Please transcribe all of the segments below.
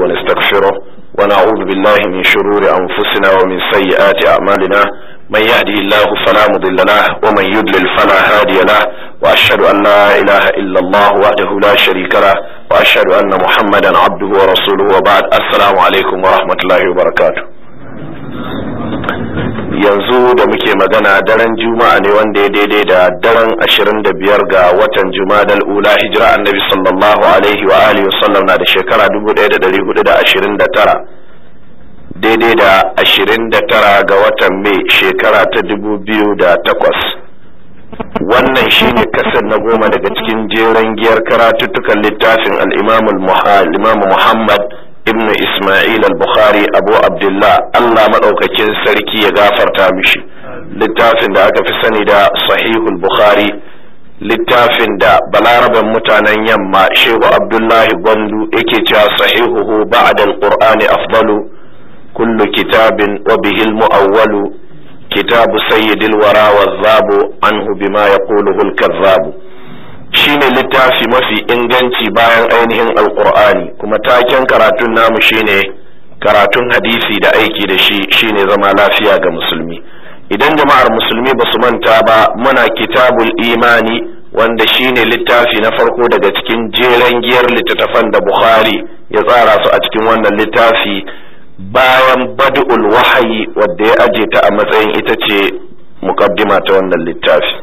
ونستغفره ونعوذ بالله من شرور أنفسنا ومن سيئات أعمالنا من يهدي الله فلا مضل له ومن يضلل فلا هادي له وأشهد أن لا إله إلا الله وحده لا شريك له وأشهد أن محمدا عبده ورسوله وبعد السلام عليكم ورحمة الله وبركاته yanzu da muke magana daren juma'a ne wanda ya daidai da daren 25 ga watan jumadal ula hijira annabi sallallahu alaihi wa alihi wasallam na da shekara 1429 daidai da 29 ga watan mai shekara ta 2008 wannan shine kasar na goma daga cikin jeren giyar karatuttukan littafin al muhammad ibn Ismail al-Bukhari Abu Abdullah Allah madaukakin sarki ya gafarta mishi littafin da aka fi sani da Sahihul Bukhari littafin da balaraban mutanen yamma Shehu Abdullahi Gwandu yake cewa sahihuhu ba'da al-Qur'ani afdalu kullu kitabin wa bihil mu'awwalu kitabu sayyidil wara wa zabu anhu bima yaquluhu al-kazzabu shine littafi mafi inganci bayan ainihin alkur'ani kuma taken karatun namu shine karatun hadisi da aiki da shi shine zama lafiya ga musulmi idan jama'ar musulmi ba su manta ba muna kitabul imani wanda shine littafi na farko daga cikin jeren giyar littattafan da bukhari ya tsara su a cikin wannan littafi bayan bad'ul wahayi wadda ya aje ta a matsayin ita ce mukaddima ta wannan littafi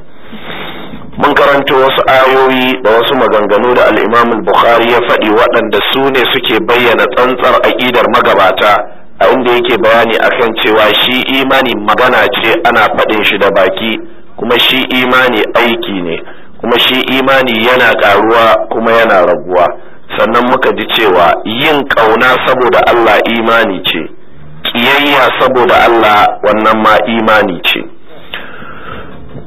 mun karanto wasu ayoyi da wasu maganganu da al'imam bukhari ya faɗi waɗanda su ne suke bayyana tsantsar aƙidar magabata a inda yake bayani akan cewa shi imani magana ce ana faɗin shi da baki kuma shi imani aiki ne kuma shi imani yana ƙaruwa kuma yana raguwa sannan muka ji cewa yin ƙauna saboda Allah imani ce ƙiyayya saboda Allah wannan ma imani ce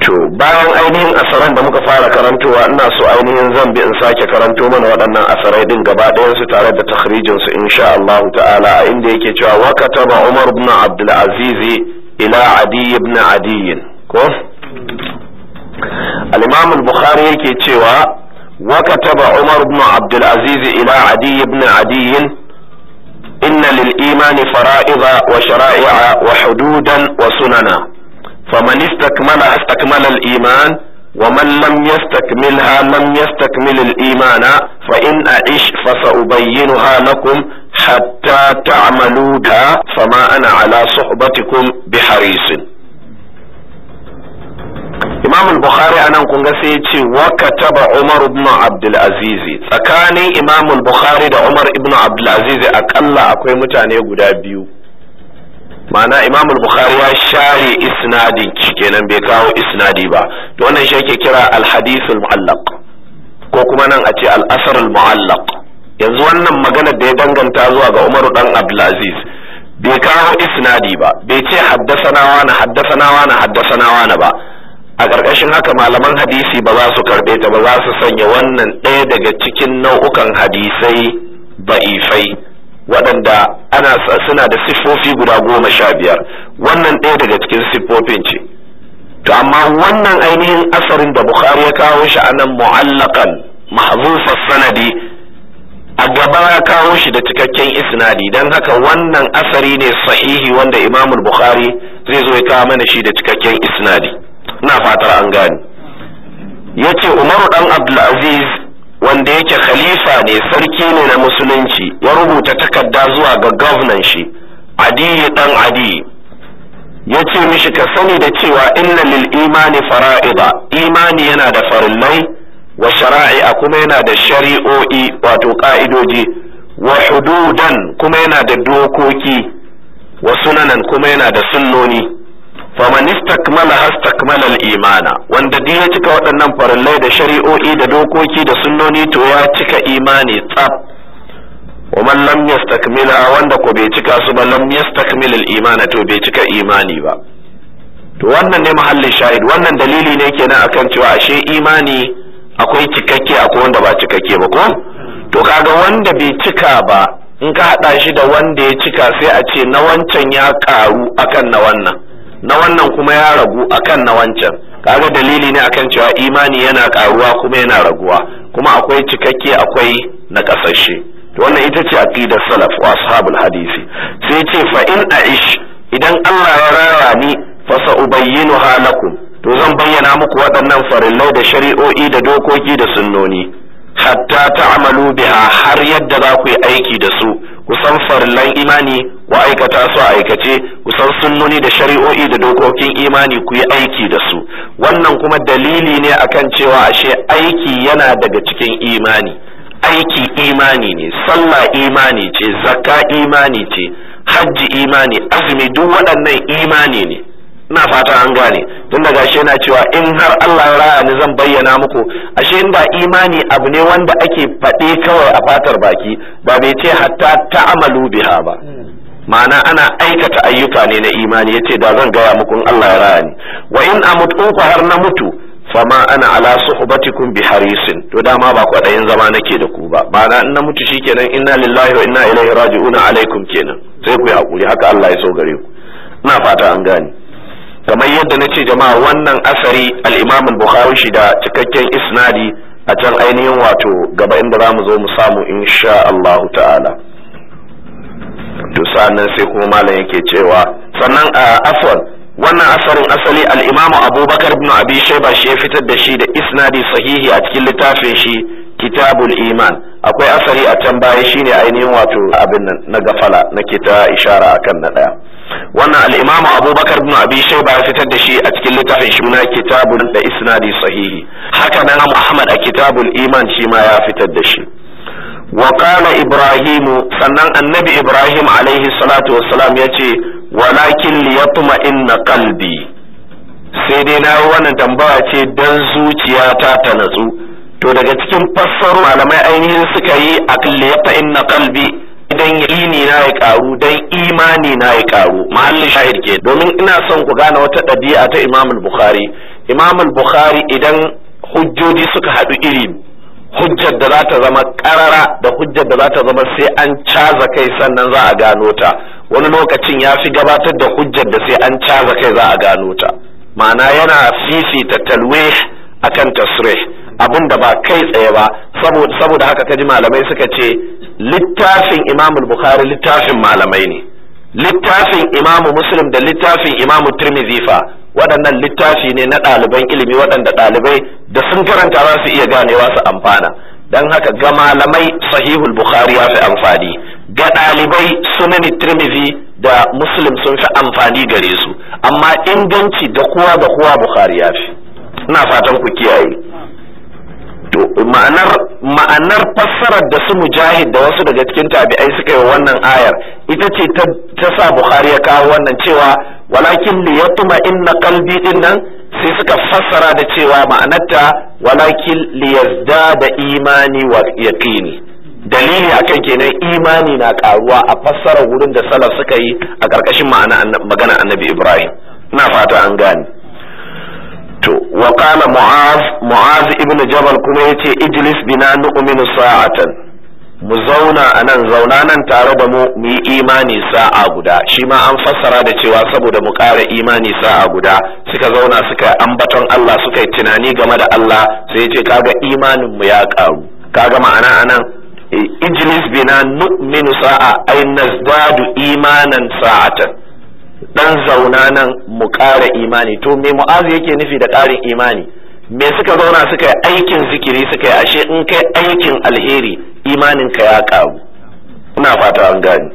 to bayan ainihin asaran da muka fara karantowa ina so ainihin zan bi in sake karanto mana waɗannan asarai din gaba su tare da takhrijin su insha Allah ta'ala a inda yake cewa wa kataba Umar ibn Abdul Aziz ila Adi ibn Adi ko al-Imam al-Bukhari yake cewa wa kataba Umar ibn Abdul Aziz ila Adi ibn Adi inna lil imani fara'iza wa shara'i'a wa hududan wa sunana faman istakmala astakmala al-iman wa man lam yastakmilha lam yastakmil al-imana fa in a a'ish fa sa'ubayyinuha lakum hatta ta'malu da fama ana ala suhbatikum biharisin imam al-bukhari anan kun ga sai ya ce wa kataba umar ibn abdul tsakanin imam bukhari da umar ibn abdul aziz akalla akwai mutane guda biyu ma'ana imam bukhari ya share isnadin kenan bai kawo isnadi ba to wannan shi kira al-hadith ko kuma nan a ce al-asr al yanzu wannan magana da ya danganta zuwa ga Umaru dan Abdulaziz bai kawo isnadi ba bai ce haddasana wani haddasana wani haddasana wani ba a ƙarƙashin haka malaman hadisi ba za su karɓe ta ba za su sanya wannan ɗaya daga cikin nau'ukan hadisai ba'ifai waɗanda ana suna da siffofi guda goma sha biyar wannan ɗaya daga cikin siffofin ce to amma wannan ainihin asarin da bukhari ya kawo shi a nan mu'allakan mahzufar sanadi a gaba ya kawo shi da cikakken isnadi don haka wannan asari ne sahihi wanda imamul bukhari zai zo ya kawo mana shi da cikakken isnadi na fatar an gane ya ce umaru dan abdulaziz wanda yake khalifa ne sarki ne na musulunci ya rubuta takarda zuwa ga gwamnan shi adi dan adi ya ce mishi ka sani da cewa inna lil imani fara'ida imani yana da farillai wa shara'i'a kuma yana da shari'o'i wato ka'idoji wa hududan kuma yana da dokoki wa sunanan kuma yana da sunnoni faman istakmala hastakmala al-imana wanda ya cika waɗannan farallai da shari'o'i da dokoki da sunnoni to ya cika imani tsab wa man lam yastakmila wanda ko bai cika su ba lam yastakmil al-imana to bai cika imani ba to wannan ne mahallin shahid wannan dalili ne kenan akan cewa ashe imani akwai cikakke akwai wanda ba cikakke ba ko to kaga wanda bai cika ba in ka hada shi da wanda ya cika sai a ce na wancan ya karu akan na wannan na wannan kuma ya ragu akan na wancan kaga dalili ne akan cewa imani yana karuwa kuma yana raguwa kuma akwai cikakke akwai na kasashe to wannan ita ce aqidar salaf wa ashabul hadisi sai ce fa in aish idan Allah ya rara ni fa sa'ubayyinuha lakum to zan bayyana muku waɗannan farillai da shari'o'i da dokoki da sunnoni hatta ta ta'malu biha har yadda za ku yi aiki da su kusan farlan imani ku aikata su a aikace kusan sunnoni da shari'o'i da dokokin imani ku yi aiki da su wannan kuma dalili ne akan cewa ashe aiki yana daga cikin imani aiki imani ne sallah imani ce zakka imani ce hajji imani azumi duk waɗannan imani ne na fata an gane tunda da gashi yana cewa in har Allah ya raya ni zan bayyana muku ashe in ba imani abu ne wanda ake faɗe kawai a fatar baki ba bai ce hatta ta'amalu biha ba ma'ana ana aikata ayyuka ne na imani yace da zan gaya muku in Allah ya raya ni wa in amut har na mutu fama ana ala suhbatikum bi harisin to dama ba kwaɗayin zama nake da ku ba ma'ana in na mutu shikenan inna lillahi wa inna ilaihi raji'una alaikum kenan sai ku yi hakuri haka Allah ya so gare ku ina fata an gani. kamar yadda na ce jama'a wannan asari al-imam bukhari shi da cikakken isnadi a can ainihin wato gaba inda za mu zo mu samu insha Allah ta'ala to sannan sai kuma malam yake cewa sannan a afwan wannan asarin asali al abubakar ibn abi shayba shi ya fitar da shi da isnadi sahihi a cikin littafin shi kitabul iman akwai asari a can baya shine ainihin wato abin na gafala nake ta ishara akan na daya wannan al'imamu abubakar bin abi shaiba ya fitar da shi a cikin littafin shi na kitabun da isnadi sahihi haka nan muhammad a kitabul iman shi ma ya fitar da shi wa qala ibrahimu sannan annabi ibrahim alaihi salatu wassalam ya ce walakin liyatma inna qalbi sai dai na wannan tambaya ce dan zuciyata ta natsu to daga cikin fassarar malamai ainihin suka yi aqliyata inna qalbi dan yini na ya karu dan imani na ya karu mahallin shahid ke domin ina son ku gane wata ɗabi'a ta Imam Bukhari Imam Bukhari idan hujjoji suka haɗu iri hujjar da za ta zama karara da hujjar da za ta zama sai an caza kai sannan za a gano ta wani lokacin ya fi gabatar da hujjar da sai an caza kai za a gano ta ma'ana yana fifita talwe akan tasrih abin da ba kai tsaye ba saboda haka kaji malamai suka ce littafin imamu bukhari littafin malamai ne littafin imamu muslim da littafin imamu tirmidhi fa waɗannan littafi ne na ɗaliban ilimi waɗanda ɗalibai da sun karanta za su iya ganewa su amfana don haka ga malamai sahihul bukhari ya fi amfani ga ɗalibai sunan tirmidhi da muslim sun fi amfani gare su amma inganci da kowa da kowa bukhari ya fi ina fatan ku kiyaye to ma'anar ma'anar fassarar da su mujahid da wasu daga cikin tabi'ai suka yi wannan ayar ita ce ta sa bukhari ya kawo wannan cewa walakin li yatma inna qalbi din sai suka fassara da cewa ma'anarta walakin li yazdada imani wa yaqini dalili akan kenan imani na karuwa a fassarar wurin da salaf suka yi a karkashin ma'ana magana annabi ibrahim ina fata an gane to wa qala mu'az mu'az ibn jabal kuma yace ijlis bina nu'minu sa'atan mu zauna anan zauna nan tare da mu mu yi imani sa'a guda shi ma an fassara da cewa saboda mu ƙara imani sa'a guda suka zauna suka ambaton Allah suka yi tunani game da Allah sai yace kaga imanin mu ya karu kaga ma'ana anan ijlis bina nu'minu sa'a ay nazdadu imanan sa'atan dan zauna nan mu ƙara imani to me mu'azu yake nufi da ƙarin imani me suka zauna suka yi aikin zikiri suka yi ashe in kai aikin alheri imanin ka ya ƙaru ina fata an gani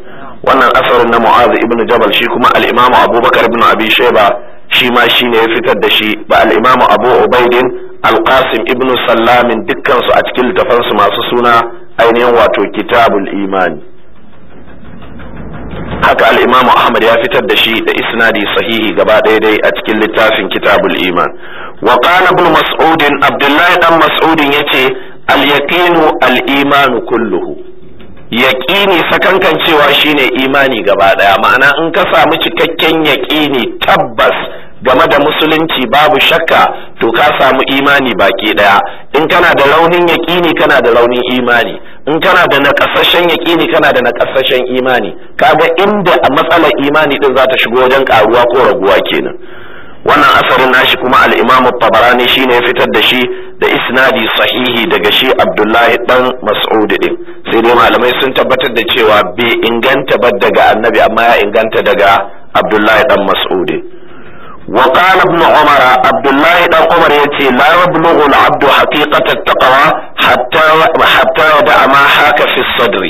wannan asarin na mu'azu ibnu jabal shi kuma al-imamu abubakar ibnu abi shayba shi ma shi ne ya fitar da shi ba al-imamu abu ubaidin al-qasim ibnu sallamin dukkan su a cikin littafansu masu suna ainihin wato kitabul imani haka al ahmad ya fitar da shi da isnadi sahihi gaba ɗaya dai a cikin littafin kitabul iman wa qala ibn mas'ud abdullahi dan mas'ud yace al-yaqinu al-iman kulluhu yaqini sakankan cewa shine imani gaba ɗaya ma'ana in ka samu cikakken yaqini tabbas game da musulunci babu shakka to ka samu imani baki daya in kana da raunin yaƙini kana da raunin imani in kana da nakasashen yaƙini kana da nakasashen imani kaga inda a matsalar imani din za ta shigo wajen karuwa ko raguwa kenan wannan asarin nashi kuma al-imam tabarani shine ya fitar da shi da isnadi sahihi daga shi abdullahi dan mas'ud din sai dai malamai sun tabbatar da cewa bai inganta ba daga annabi amma ya inganta daga abdullahi dan mas'ud وقال ابن عمر عبد الله بن عمر يتي لا يبلغ العبد حقيقة التقوى حتى حتى يدع ما حاك في الصدر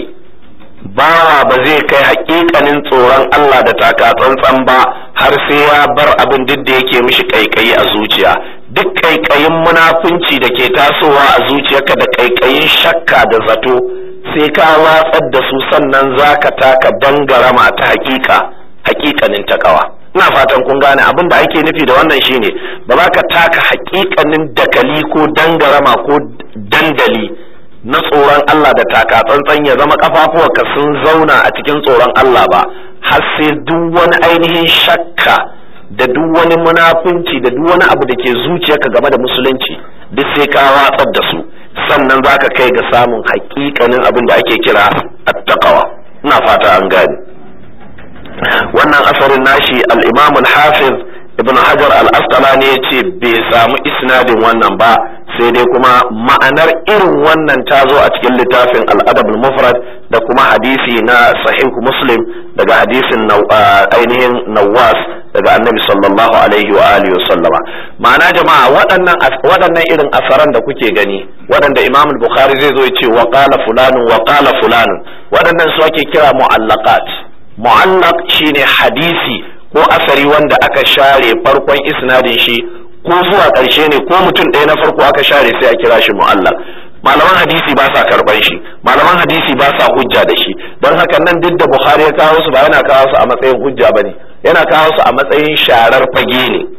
bawa ba zai kai hakikanin tsoron Allah da taka tsantsan ba har sai ya bar abin duk yake mishi kaikayi a zuciya duk kaikayin munafunci da ke tasowa a zuciyarka da kaikayin shakka da zato sai ka watsar da su sannan zaka taka dangarama ta hakika hakikanin takawa ina fatan kun gane abin da ake nufi da wannan shine ba za ka taka hakikanin dakali ko dangarama ko dandali na tsoron Allah da taka tsantsan ya zama ka sun zauna a cikin tsoron Allah ba har sai duk wani ainihin shakka da duk wani munafunci da duk wani abu da ke zuciyarka game da musulunci duk sai ka watsar da su sannan za ka kai ga samun hakikanin abin da ake kira attaqawa ina fata an gane wannan asarin nashi al-imam al-hafiz ibn hajar al-asqalani yace bai samu isnadin wannan ba sai dai kuma ma'anar irin wannan ta zo a cikin littafin al-adab al-mufrad da kuma hadisi na sahih muslim daga hadisin ainihin nawas daga annabi sallallahu alaihi wa alihi sallama ma'ana jama'a waɗannan waɗannan irin asaran da kuke gani waɗanda imam al-bukhari zai zo ya ce wa qala fulanun wa qala fulanun waɗannan su ake kira mu'allaqat mu'allaq shine hadisi ko asari wanda aka share farkon isnadin shi ko zuwa ƙarshe ne ko mutum ɗaya na farko aka share sai a kira shi mu'allaq malaman hadisi ba sa karban shi malaman hadisi ba sa hujja da shi don haka nan duk da bukhari ya kawo su ba yana kawo su a matsayin hujja bane yana kawo su a matsayin sharar fage ne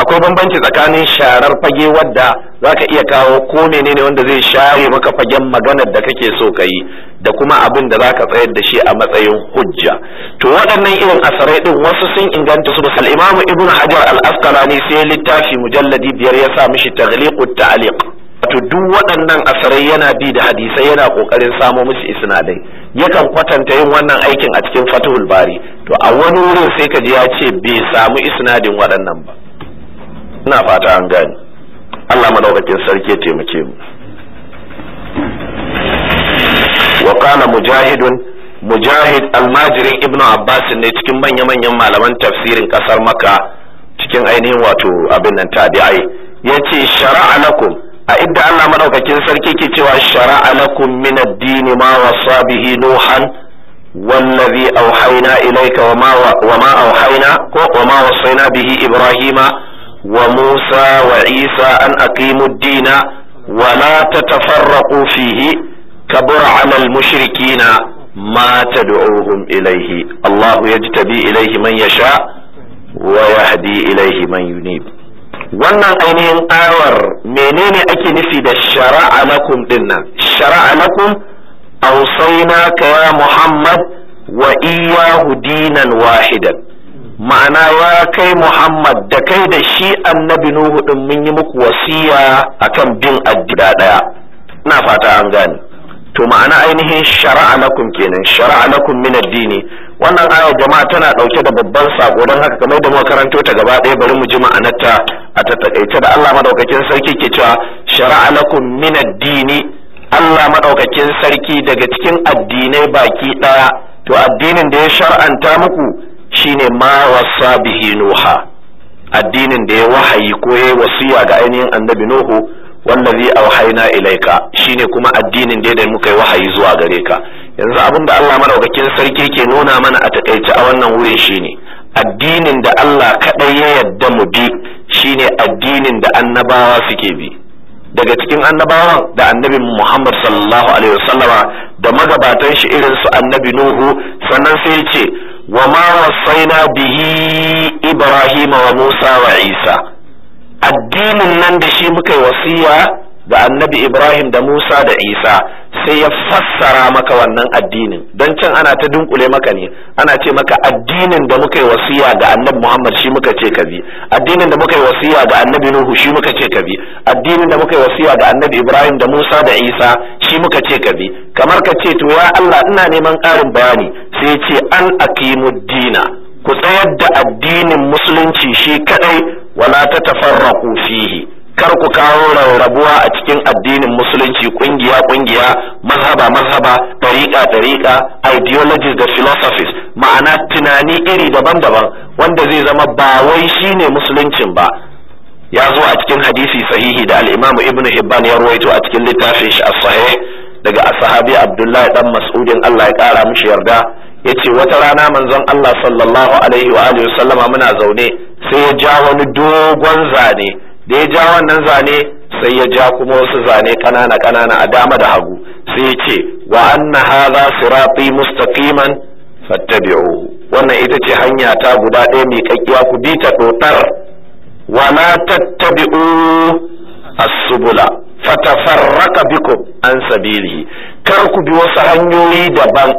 akwai bambanci tsakanin sharar fage wadda za ka iya kawo ko menene wanda zai share maka fagen maganar da kake so ka yi da kuma abin da za ka tsayar da shi a matsayin hujja to waɗannan irin asarai ɗin wasu sun inganta su da imamu ibnu hajar al-asqalani sai littafi mujalladi biyar ya sa mishi taghliqut ta'liq wato duk waɗannan asarai yana bi da hadisai yana ƙoƙarin samo musu isnadai yakan kwatanta yin wannan aikin a cikin fatihul bari to a wani wurin sai ka ji ya ce bai samu isnadin waɗannan ba ina fata an gani Allah madaukakin sarki ya taimake mu wa kana mujahidun mujahid almajirin ibnu abbas ne cikin manya manyan malaman tafsirin kasar makka cikin ainihin wato abin nan tabi'ai yace shar'a lakum a idda Allah madaukakin sarki ke cewa shar'a lakum min ad-din ma wasa bihi nuhan والذي أوحينا إليك وما, وما أوحينا وما وصينا به إبراهيم wa Musa wa Isa an aqimu ad-dina wa la fihi kabura 'ala al-mushrikeena ma tad'uuhum ilayhi Allahu yajtabi ilayhi man yasha wa yahdi ilayhi man yunib wannan ainihin ayar menene ake nufi da shara'a lakum dinnan shara'a lakum awsayna ka Muhammad wa iyyahu dinan wahidan ma'ana ya kai Muhammad da kai da shi annabi Nuhu din mun yi muku wasiya akan bin addida daya ina fata an gane to ma'ana ainihin shara'a lakum kenan shara'a lakum min addini wannan aya jama'a tana dauke da babban sako don haka kamar da muka karanto ta gaba ɗaya bari mu ji ma'anarta a tattakaice da Allah madaukakin sarki ke cewa shara'a lakum min addini Allah madaukakin sarki daga cikin addinai baki daya to addinin da ya shar'anta muku shine ma wasa bihi nuha addinin da ya wahayi ko ya wasiya ga ainihin annabi nuhu wallazi auhayna ilaika shine kuma addinin da ya muka yi wahayi zuwa gare ka yanzu abin da Allah madaukakin sarki ke nuna mana a takaice a wannan wurin shine addinin da Allah kadai ya yadda mu bi shine addinin da annabawa suke bi daga cikin annabawa da annabi Muhammad sallallahu alaihi wasallama da magabatan shi irin su annabi Nuhu sannan sai ya ce wa ma wasaina bihi ibrahim wa musa wa isa addinin nan da shi muka wasiya da annabi ibrahim da musa da isa sai ya fassara maka wannan addinin don can ana ta dunkule maka ne ana ce maka addinin da muka yi wasiya ga annabi Muhammad shi muka ce ka bi addinin da muka yi wasiya ga annabi Nuhu shi muka ce ka bi addinin da muka yi wasiya ga annabi Ibrahim da Musa da Isa shi muka ce ka bi kamar ka ce to ya Allah ina neman karin bayani sai ce an aqimuddina ku tsayar da addinin musulunci shi kadai wala ta tafarraqu fihi kar ku kawo rarrabuwa a cikin addinin musulunci kungiya kungiya mazhaba mazhaba dariƙa dariƙa ideologies da philosophies ma'ana tunani iri daban-daban wanda zai zama ba wai shine musuluncin ba ya zo a cikin hadisi sahihi da al-Imam Ibn Hibban ya rawaito a cikin littafin shi as-sahih daga as-sahabi Abdullah dan Mas'udin Allah ya kara mishi yarda yace wata rana manzon Allah sallallahu alaihi wa alihi wasallama muna zaune sai ya ja wani dogon zane da ya ja wannan zane sai ya ja kuma wasu zane kanana kanana a dama da hagu sai ya ce wa anna hadha sirati mustaqiman fattabi'u wannan ita ce hanya ta guda ɗaya mai kakkiya ku bi ta dotar wa la tattabi'u as-subula fatafarraqa bikum an sabili kar ku bi wasu hanyoyi daban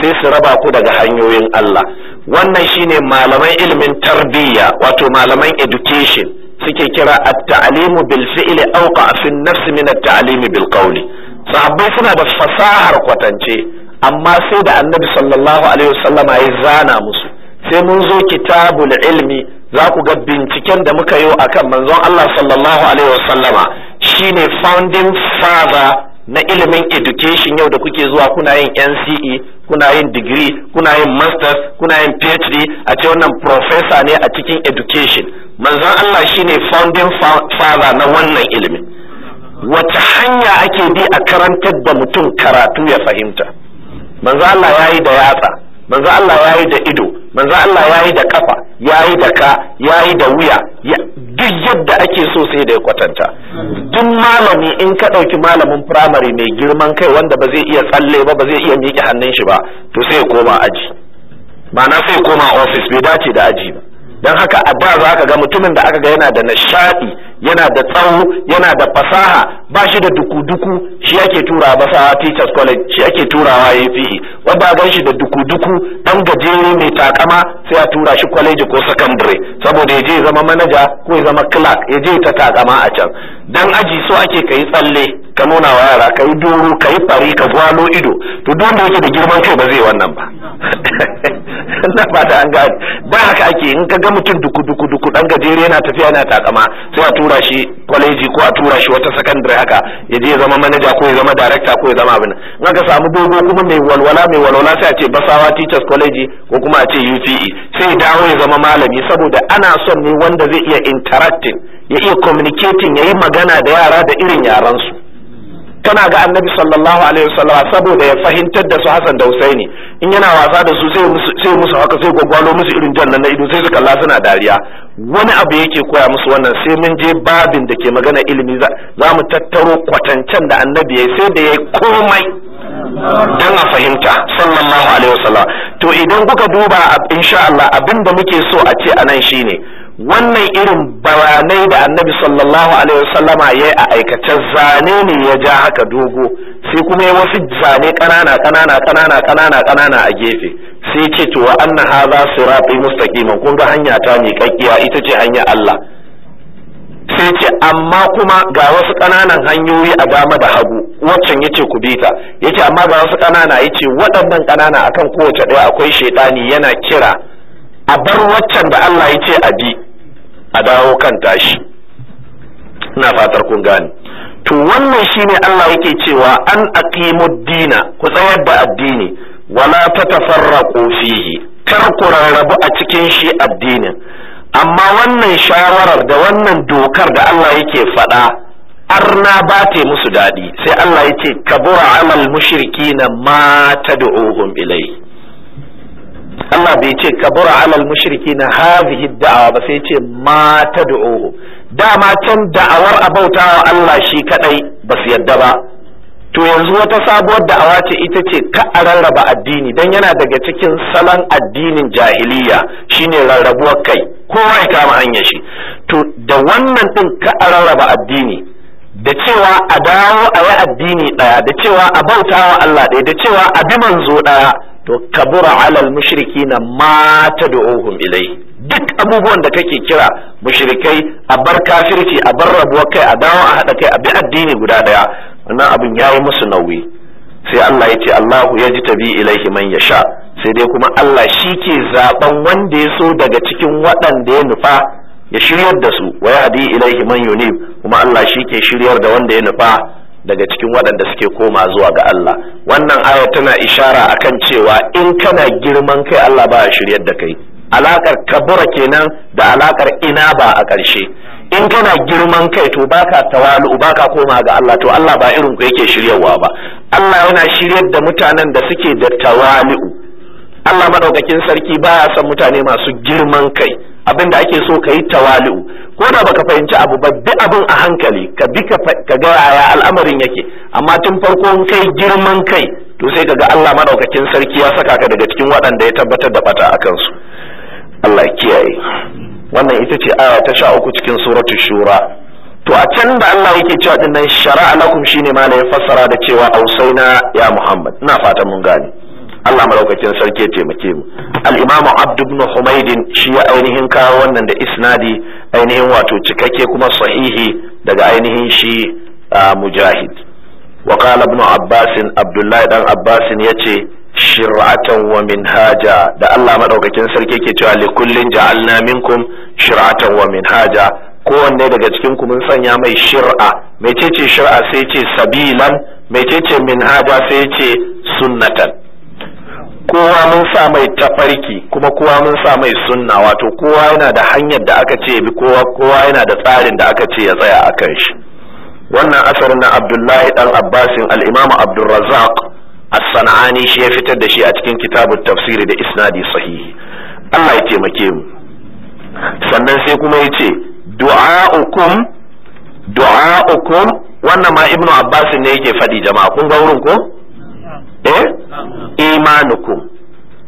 sai su raba ku daga hanyoyin Allah wannan shine malaman ilimin tarbiyya wato malaman education suke kira at-ta'limu bil fi'li awqa fi an-nafs min at-ta'limi bil qawli sahabbai suna da fasahar kwatance amma sai da annabi sallallahu alaihi wasallama ya zana musu sai mun zo kitabul ilmi za ku ga binciken da muka yi akan manzon Allah sallallahu alaihi wasallama shine founding father na ilimin education yau da kuke zuwa kuna yin NCE kuna yin degree kuna yin masters kuna yin PhD a ce wannan professor ne a cikin education manzon Allah shine founding father na wannan ilimin wace hanya ake bi a karantar da mutum karatu ya fahimta manzon Allah yayi da yatsa manzon Allah yayi da ido manzon Allah yayi da kafa yayi da ka yayi da wuya duk yadda ake so sai da ya kwatanta duk malami in ka ɗauki malamin firamare mai girman kai wanda ba zai iya tsalle ba ba zai iya miƙe hannun shi ba to sai ya koma aji ma'ana sai ya koma ofis bai dace da aji ba dan haka a da za ka ga mutumin da aka ga yana da nishaɗi yana da tsawo yana da fasaha ba shi da duku-duku shi yake turawa sa teachers college shi yake turawa ya fi e. wanda gan shi da duku-duku ɗan gajere mai takama sai a tura shi kwaleji ko sakandare saboda ya je ya zama manaja ko ya zama clerk ya je ta takama a can dan aji so ake kayi tsalle ka nuna wa yara kayi doro kayi fari ka gwalo ido to duk da yake da girman kai ba zai wannan ba na ba haka ake in ka ga mutum duku duku duku dan gajere yana tafiya yana takama sai a tura shi kwaleji ko a tura shi wata sakandare haka ya je zama manaja ko ya zama darekta ko ya zama abin in ka samu dogo kuma mai walwala mai walwala sai a ce basawa teachers college ko kuma a ce UPE sai dawo ya zama malami saboda ana son ne wanda zai iya interacting ya iya communicating ya yi magana da yara da irin yaransu tana ga annabi sallallahu alaihi wasallam saboda ya fahimtar da su Hassan da Husaini in yana wasa da su sai musu sai musu haka sai gwagwalo musu irin jannan na ido sai su kalla suna dariya wani abu yake koya musu wannan sai mun je babin da ke magana ilimi za mu tattaro kwatancen da annabi ya sai da ya komai dan a fahimta sallallahu alaihi wasallam to idan kuka duba insha Allah abin muke so a ce anan shine wannan irin bayanai da annabi sallallahu alaihi wasallama ya yi a aikace zane ne ya ja haka dogo sai kuma ya wasu zane kanana kanana kanana kanana kanana a gefe sai ce to wa anna hadha sirati mustaqima kun ga hanya ta ne kakkiya ita ce hanya Allah sai ce amma kuma ga wasu kananan hanyoyi a dama da hagu waccan yace ku bi ta yace amma ga wasu kanana yace waɗannan kanana akan kowace ɗaya akwai shaytani yana kira a bar waccan da Allah yace a bi a dawo kan tashi ina fatar kun gane to wannan shine Allah yake cewa an aqimud dina ku tsayar da addini wala tatafarraqu fihi kar ku rarrabu a cikin shi addinin amma wannan shawarar da wannan dokar da Allah yake faɗa arna ba ta musu daɗi sai Allah yake kabura amal mushrikina ma tad'uhum ilayhi Allah bai ce kabura alal mushriki na hazihi da'awa ba sai ce ma ta da'o. dama can da'awar abauta wa Allah shi kadai ba su yadda ba to yanzu wata sabuwar da'awa ce ita ce ka a rarraba addini dan yana daga cikin salon addinin jahiliya shine rarrabuwar kai kowa ya kama hanyar shi to da wannan din ka a rarraba addini da cewa a dawo a yi addini daya, da cewa a bauta wa Allah daya, da cewa a bi manzo daya. to kabura alal mushriki na mata da ohun ilai duk abubuwan da kake kira mushrikai a bar kafirci a bar rabuwa kai a dawo a haɗa kai a bi addini guda ɗaya wannan abin ya yi musu nauyi sai Allah ya ce Allahu ya ji tabi ilaihi man ya sha sai dai kuma Allah shi ke zaɓen wanda ya so daga cikin waɗanda ya nufa ya shiryar da su wa ya hadi ilaihi man yunib kuma Allah shi ke shiryar da wanda ya nufa daga cikin waɗanda suke koma zuwa ga Allah wannan aya tana ishara akan cewa in kana girman kai Allah ba a shiryar da kai alakar kabura kenan da alakar ina ba a ƙarshe in kana girman kai to baka tawalu baka koma ga Allah to Allah ba irin ku yake shiryarwa ba Allah yana shiryar da mutanen da suke da tawali'u Allah madaukakin sarki baya son mutane masu girman kai abinda ake so kayi tawalu tawali'u ko da baka fahimci abu ba duk abin a hankali ka bi ka ga yaya al'amarin yake amma tun farko kai girman kai to sai ka ga Allah madaukakin sarki ya saka ka daga cikin waɗanda ya tabbatar da bata akan su Allah kiyaye wannan ita ce aya ta sha uku cikin suratu shura to a can da Allah yake cewa din nan shara'a lakum shine ma ya fassara da cewa ausaina ya Muhammad ina fata mun gane Allah madaukakin sarki ya taimake mu al-imamu abdu ibn humaydin shi ya ainihin kawo wannan da isnadi ainihin wato cikakke kuma sahihi daga ainihin shi mujahid wa qala ibn abbas abdullahi dan abbas yace shir'atan wa minhaja da Allah madaukakin sarki ke cewa li kullin ja'alna minkum shir'atan wa minhaja kowanne daga cikin ku mun sanya mai shir'a mecece shir'a sai ce sabilan mecece minhaja sai ce sunnatan kowa mun sa mai tafarki kuma kowa mun sa mai sunna wato kowa yana da hanyar da aka ce bi kowa kowa yana da tsarin da aka ce ya tsaya a kan shi wannan asarin na abdullahi dan abbasin al-imamu abdurrazzaq as-sanani shi ya fitar da shi a cikin kitabun tafsiri da isnadi sahihi Allah ya taimake mu sannan sai kuma yace ce du'a'ukum du'a'ukum wannan ma ibnu abbasin ne yake faɗi jama'a kun ga wurin ko eh imanukum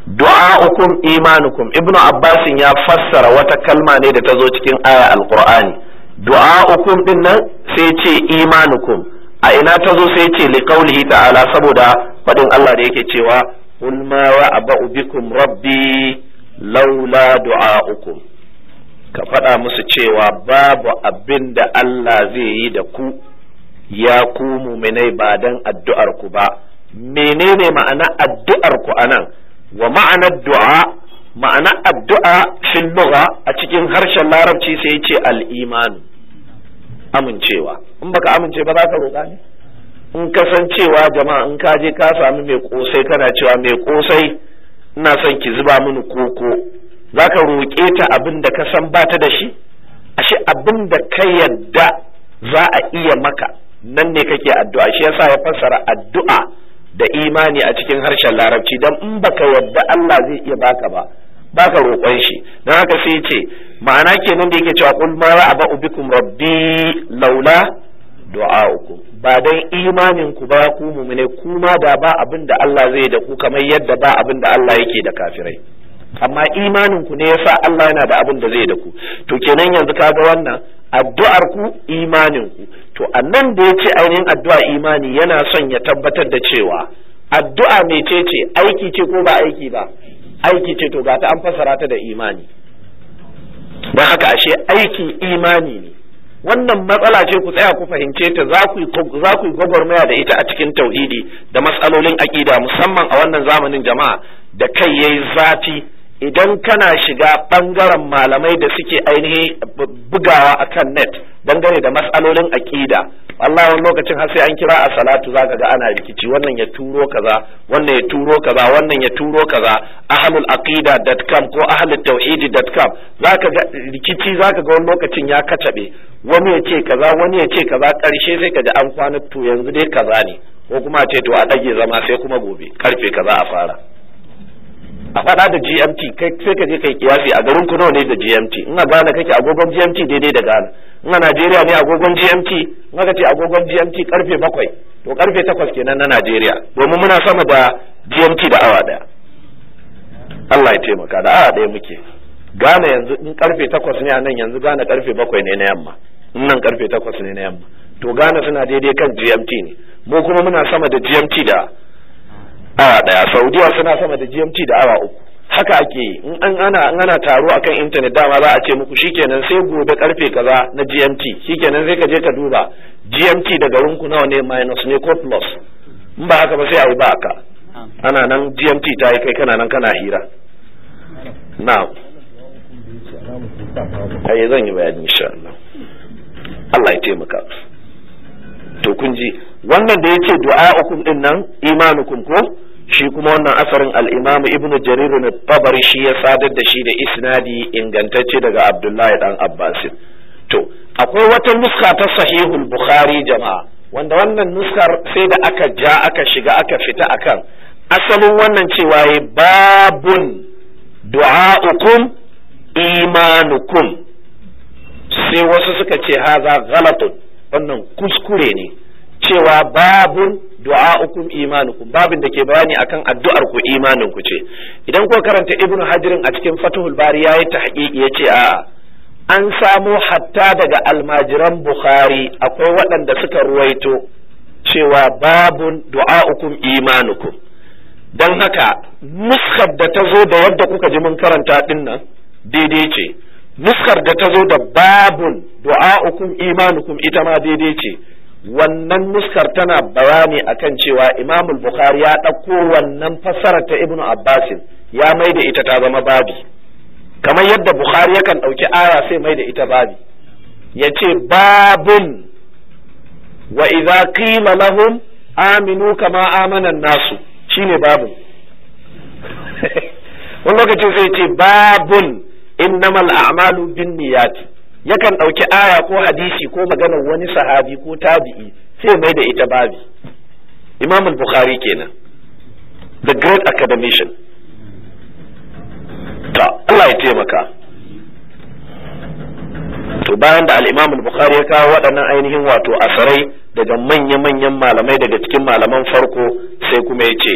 du'a'ukum imanukum ibnu abbasin ya fassara wata kalma ne da ta zo cikin aya alqur'ani du'a'ukum din nan sai ce imanukum a ina ta zo sai ce liqaulihi ta'ala saboda fadin Allah da yake cewa kul ma wa'abu bikum rabbi laula du'a'ukum ka faɗa musu cewa babu abin da Allah zai yi da ku ya ku muminai ba dan addu'ar ku ba menene ma'ana addu'ar ku anan wa ma'ana du'a ma'ana addu'a fil lugha a cikin harshen larabci sai yace al iman amincewa in baka amince ba za ka roƙa ne in kasancewa jama'a in ka je ka sami mai kosai kana cewa mai kosai ina son ki zuba mini koko za ka roƙe ta abin da ka san ba da shi ashe abin da ka yadda za a iya maka nan ne kake addu'a shi yasa ya fassara addu'a da imani a cikin harshen larabci dan in baka yadda Allah zai iya baka ba baka roƙon shi don haka sai ce ma'ana kenan da yake cewa kul ma ra'aba ubikum rabbi laula du'a'ukum ba dan imanin ku ba ku mu'mine kuma da ba abin da Allah zai da ku kamar yadda ba abin da Allah yake da kafirai amma imanin ku ne yasa Allah yana da abin da zai da ku to kenan yanzu kaga wannan addu'ar ku imanin ku to annan da ya ce ainihin addu'a imani yana son ya tabbatar da cewa addu'a mece ce aiki ce ko ba aiki ba aiki ce to ga ta an fasara ta da imani don haka ashe aiki imani ne wannan matsala ce ku tsaya ku fahimce ta za ku yi gwagwarmaya da ita a cikin tauhidi da matsalolin aƙida musamman a wannan zamanin jama'a da kai yayi zafi idan kana shiga bangaren malamai da suke ainihin bugawa a kan net dangane da matsalolin aƙida Allah wani lokacin har sai an kira a salatu zaka ga ana rikici wannan ya turo kaza wannan ya turo kaza wannan ya turo kaza ahlul aqida.com ko ahlul tauhidi.com zaka ga rikici zaka ga wani lokacin ya kacabe wani ya ce kaza wani ya ce kaza karshe sai ka ji an kwana to yanzu dai kaza ne ko kuma ce to a dage zama sai kuma gobe karfe kaza a fara a faɗa da GMT kai sai ka je kai kiyasi a garin ku nawa ne da GMT in a Ghana kake agogon GMT daidai da Ghana in a Najeriya ne agogon GMT in aka ce agogon GMT karfe bakwai to karfe takwas kenan na Najeriya domin muna sama da GMT da awa daya Allah ya taimaka da awa daya muke Ghana yanzu in karfe takwas ne a nan yanzu Ghana karfe bakwai ne na yamma in nan karfe takwas ne na yamma to Ghana suna daidai kan GMT ne mu kuma muna sama da GMT da awa daya saudiya suna sama da gmt da awa uku haka ake yi in an ana an ana taro akan intanet dama za a ce muku shikenan sai gobe karfe kaza na gmt shikenan sai ka je ka duba gmt daga rinku nawa ne minus ne ko plus in ba haka ba sai a ba ka ana nan gmt ta yi kai kana nan kana hira na Ayi zan yi bayani insha Allah Allah ya taimaka to kun ji wannan da yake du'a ukun din nan imanukum ko shi kuma wannan asarin al'imamu ibnu jarir tabari shi ya sadar da shi da isnadi ingantacce daga abdullahi dan abbas to akwai wata nuska ta sahihul bukhari jama'a wanda wannan nuskar sai da aka ja aka shiga aka fita a kan asalin wannan cewa ya babun du'a'ukum imanukum sai wasu suka ce haza ghalatun wannan kuskure ne cewa babun du'a'ukum imanukum babin da ke bayani akan addu'ar ku imanin ku ce idan kuka karanta ibnu hajirin a cikin fatuhul bari yayi tahqiqi yace a an samo hatta daga almajiran bukhari akwai waɗanda suka ruwaito cewa babun du'a'ukum imanukum dan haka nuskar da ta zo da yadda kuka ji mun karanta din nan daidai ce muskar da ta zo da babun du'a'ukum imanukum ita ma daidai ce wannan nuskar tana bayani akan cewa Imam bukhari ya ɗauko wannan fassara ta ibnu abbasin ya mai da ita ta zama babi kamar yadda bukhari yakan ɗauki aya sai mai da ita babi ya ce babun wa idza qila lahum aminu kama amanan nasu shine babun wani lokacin sai ce babun innamal a'malu bin niyati yakan ɗauki aya ko hadisi ko maganar wani sahabi ko tabi'i sai mai da ita babi imam bukhari kenan the great academician ta Allah ya taimaka to bayan da al-imam al-bukhari ya kawo waɗannan ainihin wato asarai daga manya-manyan malamai daga cikin malaman farko sai kuma ya ce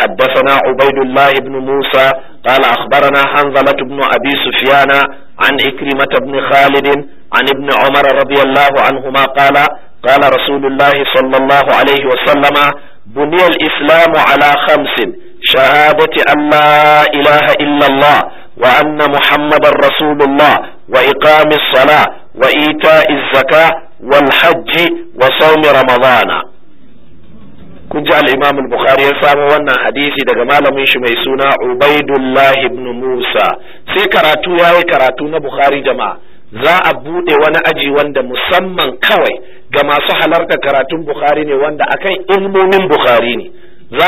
haddasana ubaidullah ibn musa qala akhbarana hanzalat ibn abi sufyana an ikrimat ibn khalid an ibn umar radiyallahu anhuma qala qala rasulullah sallallahu alaihi wa sallama buniya al-islam ala khamsin shahadati an la ilaha illa allah wa anna muhammadar rasulullah wa iqamis salah wa ita'iz zakah wal hajji wa sawmi ramadana kun ji al-imam bukhari ya samu wannan hadisi daga malamin shi mai suna ubaidullah bnu musa sai karatu yayi karatu na bukhari jama'a za a bude wani aji wanda musamman kawai ga masu halarta karatun bukhari ne wanda akan ilmomin bukhari ne za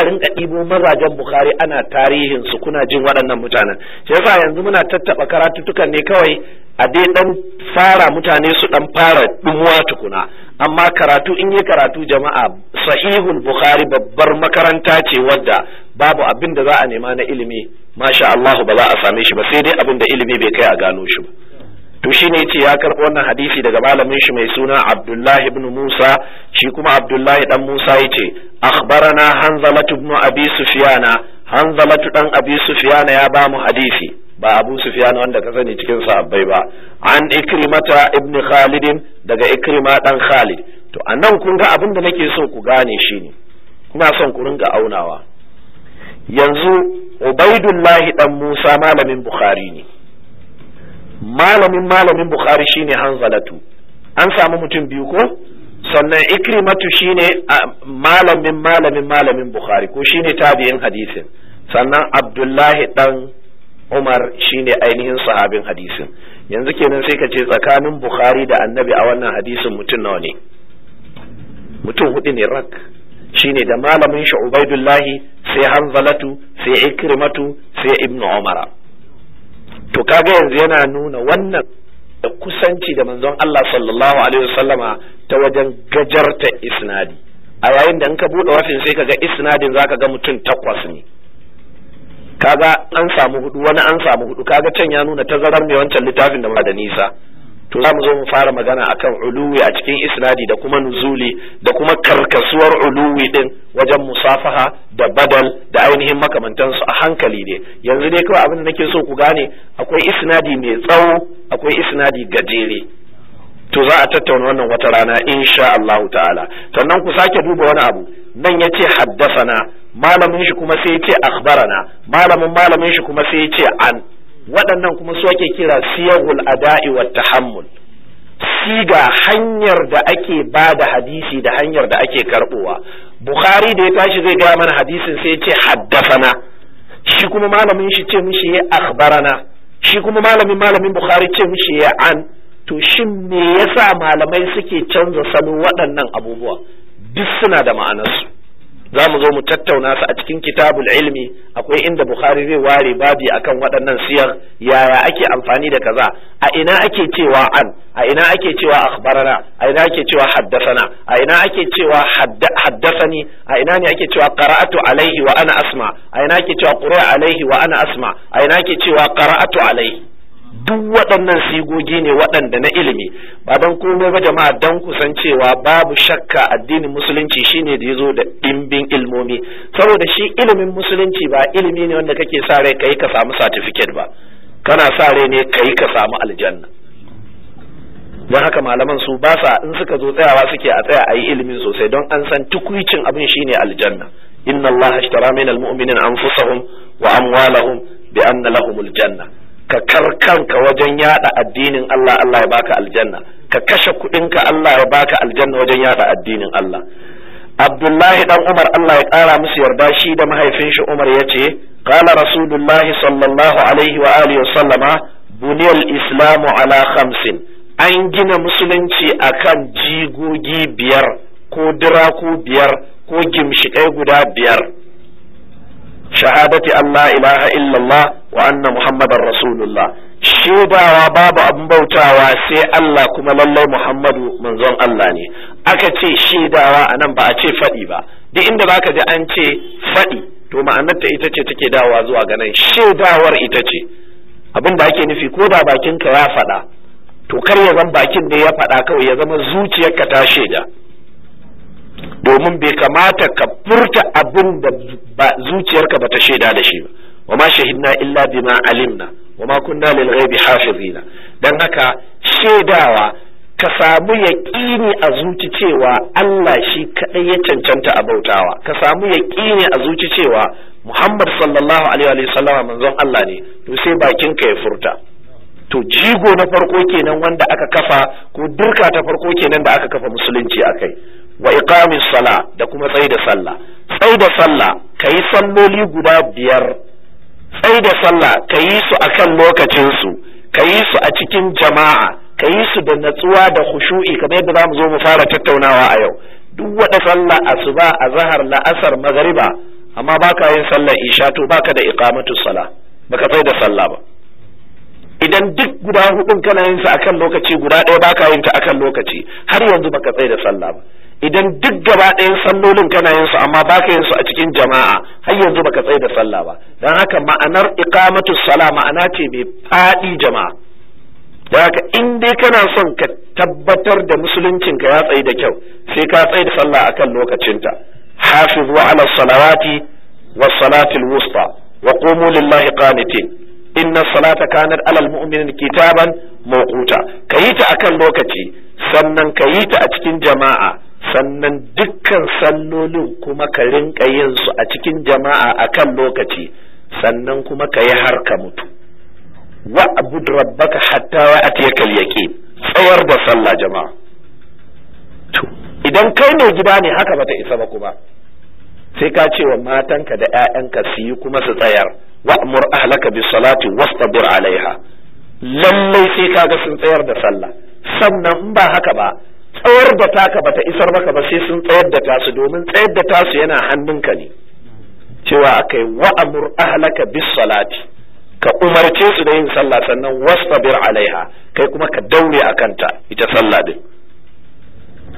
a rinka ɗibo mazajen bukhari ana tarihin su kuna jin waɗannan mutanen shi yanzu muna tattaɓa karatuttukan ne kawai a dai dan fara mutane su dan fara dumuwa tukuna amma karatu in yi karatu jama'a sahihul bukhari babbar makaranta ce wadda babu abin da za a nema na ilimi masha Allah ba za a same shi ba sai dai abin da ilimi bai kai a gano shi ba to shine yace ya karɓi wannan hadisi daga malamin shi mai suna Abdullahi ibn Musa shi kuma Abdullahi dan Musa yace akhbarana Hanzalatu ibn Abi Sufyana Hanzalatu dan Abi Sufyana ya ba mu hadisi ba abu sufyan wanda ka sani cikin sahabbai ba an ikrimata ibn khalid daga ikrima dan khalid to anan kun ga abin da nake so ku gane shi ne ina son ku ringa aunawa yanzu ubaidullahi dan musa malamin bukhari ne malamin malamin bukhari shine hanzalatu an samu mutum biyu ko sannan ikrimatu shine malamin malamin malamin bukhari ko shine tabi'in hadisin sannan abdullahi dan Umar shine ainihin sahabin hadisin yanzu kenan sai ka ce tsakanin Bukhari da Annabi a wannan hadisin mutum nawa ne mutum hudu ne rak shine da malamin shi Ubaidullahi sai Hanzalatu sai Ikrimatu sai Ibn Umar to kaga yanzu yana nuna wannan da kusanci da manzon Allah sallallahu alaihi wasallama ta wajen gajarta isnadi a yayin da in ka bude wafin sai ka ga isnadin zaka ga mutum takwas ne kaga an samu hudu wani an samu hudu kaga can ya nuna tazarar mai wancan littafin da da nisa to za mu zo mu fara magana akan uluwi a cikin isnadi da kuma nuzuli da kuma karkasuwar uluwi din wajen musafaha da badal da ainihin su a hankali ne yanzu dai kawai abin da nake so ku gane akwai isnadi mai tsawo akwai isnadi gajere to za a tattauna wannan wata rana insha allahu ta'ala sannan ku sake duba wani abu nan ya ce haddasana malamin shi kuma sai ya ce akhbarana malamin malamin shi kuma sai ya ce an waɗannan kuma su ake kira siyagul ada'i wa tahammul siga hanyar da ake ba da hadisi da hanyar da ake karbowa bukhari da ya tashi zai gaya mana hadisin sai ya ce haddasana shi kuma malamin shi ce mishi ya akhbarana shi kuma malamin malamin bukhari ce mishi ya an to shin me yasa malamai suke canza salo waɗannan abubuwa duk suna da ma'anarsu za mu zo mu tattauna su a cikin kitabul ilmi akwai inda bukhari zai ware babi akan waɗannan siyar yaya ake amfani da kaza a ina ake cewa an a ina ake cewa akhbarana a ina ake cewa haddasana a ina ake cewa haddasani a ina ne ake cewa qara'atu alaihi wa ana asma a ina ake cewa qura alaihi wa ana asma a ina ake cewa qara'atu alaihi duk waɗannan sigogi ne waɗanda na ilimi ba don komai ba jama'a don kusan cewa babu shakka addinin musulunci shine da ya zo da ɗimbin ilmomi saboda shi ilimin musulunci ba ilimi ne wanda kake sa rai kai ka samu satifiket ba kana sa rai ne kai ka samu aljanna don haka malaman su ba sa in suka zo tsayawa suke a tsaya a yi ilimin sosai don an san tukuicin abin shine aljanna inna allaha ishtara minal mu'minina anfusahum wa amwalahum bi anna lahumul janna ka karkanka wajen yada addinin Allah Allah ya baka aljanna ka kashe kudinka Allah ya baka aljanna wajen yada addinin Allah Abdullahi dan Umar Allah ya kara musu yarda shi da mahaifin shi Umar yace qala rasulullahi sallallahu alaihi wa alihi wa sallama buniyal islamu ala khamsin an gina musulunci akan jigogi biyar ko diraku biyar ko gimshikai guda biyar shahadati Allah ilaha illallah wa anna muhammadar rasulullah shaidawa babu abin bautawa sai Allah kuma lallai muhammadu manzon Allah ne aka ce shaidawa a nan ba a ce faɗi ba duk inda baka ji ance faɗi to ma'anarta ita ce take dawa zuwa ga shaidawar ita ce abin da ake nufi ko da bakinka ya faɗa to kar ya zan bakin ne ya faɗa kawai ya zama zuciyarka ta shaida domin bai kamata ka furta abin da zuciyarka ta shaida da shi ba wa ma shahidna illa bima alimna wa ma kunna lil ghaibi hafizina dan haka shaidawa ka samu yaƙini a zuci cewa Allah shi kaɗai ya cancanta a ka samu yaƙini a zuci cewa Muhammad sallallahu alaihi wa sallama manzon Allah ne to sai bakin ka ya furta to jigo na farko kenan wanda aka kafa ko dirka ta farko kenan da aka kafa musulunci akai wa iqamis sala da kuma tsai da sallah tsai da sallah kayi salloli guda biyar tsai da sallah kayi su akan lokacinsu, su kayi su a cikin jama'a kayi su da natsuwa da khushu'i kamar yadda mu zo mu fara tattaunawa a yau duk wata sallah asuba azhar la'asar maghriba amma baka yin sallar isha to baka da iqamatu sala baka tsai da sallah ba idan duk guda hudun kana yin sa akan lokaci guda ɗaya baka yin ta akan lokaci har yanzu baka tsai da sallah ba idan duk gaba ɗayan sallolin kana yin su amma baka yin su a cikin jama'a har yanzu baka tsaye da sallah ba dan haka ma'anar iqamatu sala ma'ana ce mai faɗi jama'a dan haka in dai kana son ka tabbatar da musuluncin ka ya tsaye da kyau sai ka tsaye da sallah akan lokacinta hafizu ala salawati wa salatil wusta wa qumu lillahi qanitin inna salata kanat alal mu'minin kitaban mawquta kayi ta akan lokaci sannan kayi ta a cikin jama'a sannan dukkan sallolin kuma ka rinka yin su a cikin jama'a akan lokaci sannan kuma ka yi har ka mutu wa abud rabbaka hatta wa atiyakal yaqin tsawar da sallah jama'a to idan kai ne gida ne haka bata isa ba kuma sai ka ce wa matanka da 'ya'yanka su yi kuma su tsayar wa'mur ahlaka bis salati wastabir alaiha lallai sai ka ga sun tsayar da sallah sannan ba haka ba tsawar da taka bata isar maka ba sai sun tsayar da tasu domin tsayar da tasu yana hannunka ne cewa yi wa'amur ahlaka bis salati ka umarce su da yin sallah sannan wastabir alaiha kai kuma ka daure a kanta ita sallah din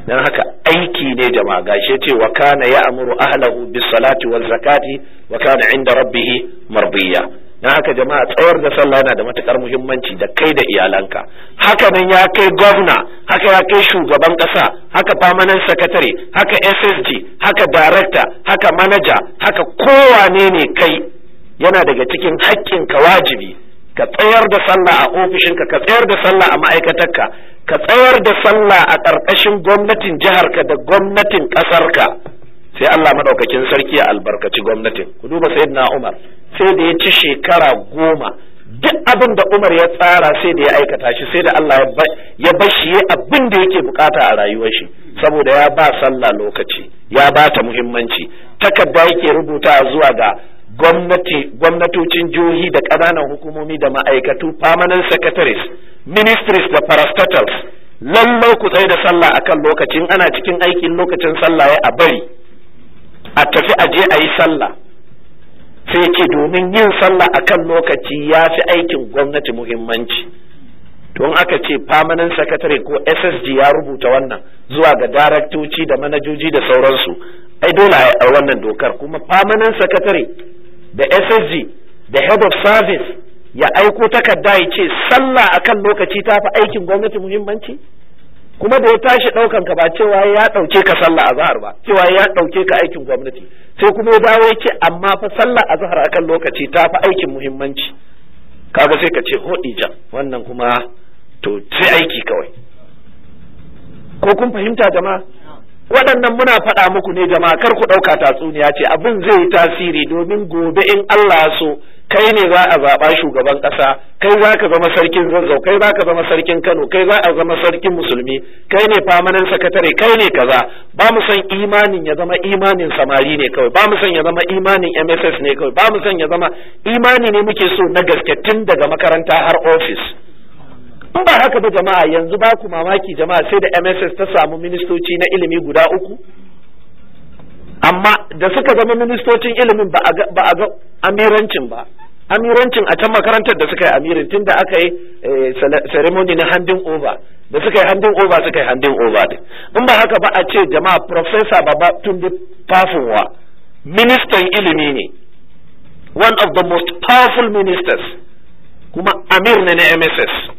dan haka aiki ne jama'a gashe ce wa kana amuru ahlahu bis salati wal zakati wa kana inda rabbih mardiya Na haka jama'a tsayar da sallah yana da matukar muhimmanci da kai da iyalanka haka nan ya kai gwamna haka ya kai shugaban kasa haka permanent sakatare haka ssg haka director haka manaja haka kowane ne kai yana daga cikin haƙƙin ka wajibi ka tsayar da sallah a ofishinka ka tsayar da sallah a ma'aikatarka ka tsayar da sallah a ƙarƙashin gwamnatin jiharka da gwamnatin ƙasarka sai Allah madaukakin sarki ya albarkaci gwamnatin ku duba sayyidina Umar sai da ya ci shekara goma duk abin da Umar ya tsara sai da ya aikata shi sai da Allah ya bar shi ya abin da yake bukata a rayuwar shi saboda ya ba sallah lokaci ya ba ta muhimmanci takarda yake rubuta zuwa ga gwamnati gwamnatocin jihohi da ƙananan hukumomi da ma'aikatu permanent secretaries ministries da parastatals lallai ku tsaye da sallah akan lokacin ana cikin aikin lokacin sallah ya a bari a tafi aje a yi sallah sai ce domin yin sallah a kan lokaci ya fi aikin gwamnati muhimmanci Don aka ce permanent secretary ko ssg ya rubuta wannan zuwa ga daraktoci da manajoji da sauransu ai dole a wannan dokar kuma permanent secretary da ssg da head of service ya aiko takarda ya ce sallah a kan lokaci ta fi aikin gwamnati muhimmanci kuma da ya tashi ɗaukan ka ba cewa ya ɗauke ka sallah a azhar ba cewa ya ɗauke ka aikin gwamnati sai kuma ya dawo yake amma fa sallah a azhar akan lokaci ta fi aikin muhimmanci kaga sai ka ce hodijan wannan kuma to sai aiki kawai ko kun fahimta jama'a waɗannan muna faɗa muku ne jama'a kar ku ɗauka tatsuniya ce abin zai yi tasiri domin gobe in Allah so kai ne za a zaɓa shugaban ƙasa kai za ka zama sarkin zazzau kai za ka zama sarkin kano kai za a zama sarkin musulmi kai ne famanan sakatare kai ne kaza ba mu san imanin ya zama imanin samari ne kawai ba mu san ya zama imanin mss ne kawai ba mu san ya zama imani ne muke so na gaske tun daga makaranta har ofis in ba haka ba jama'a yanzu ba ku mamaki jama'a sai da MSS ta samu ministoci na ilimi guda uku amma da suka zama ministocin ilimin ba a ga amirancin ba amirancin a can makarantar da suka yi amirin tun da aka yi eh, ceremony na handing over da suka yi handing over suka yi handing over din in ba haka ba a ce jama'a professor baba tunde fafinwa ministan ilimi ne one of the most powerful ministers kuma amir ne na mss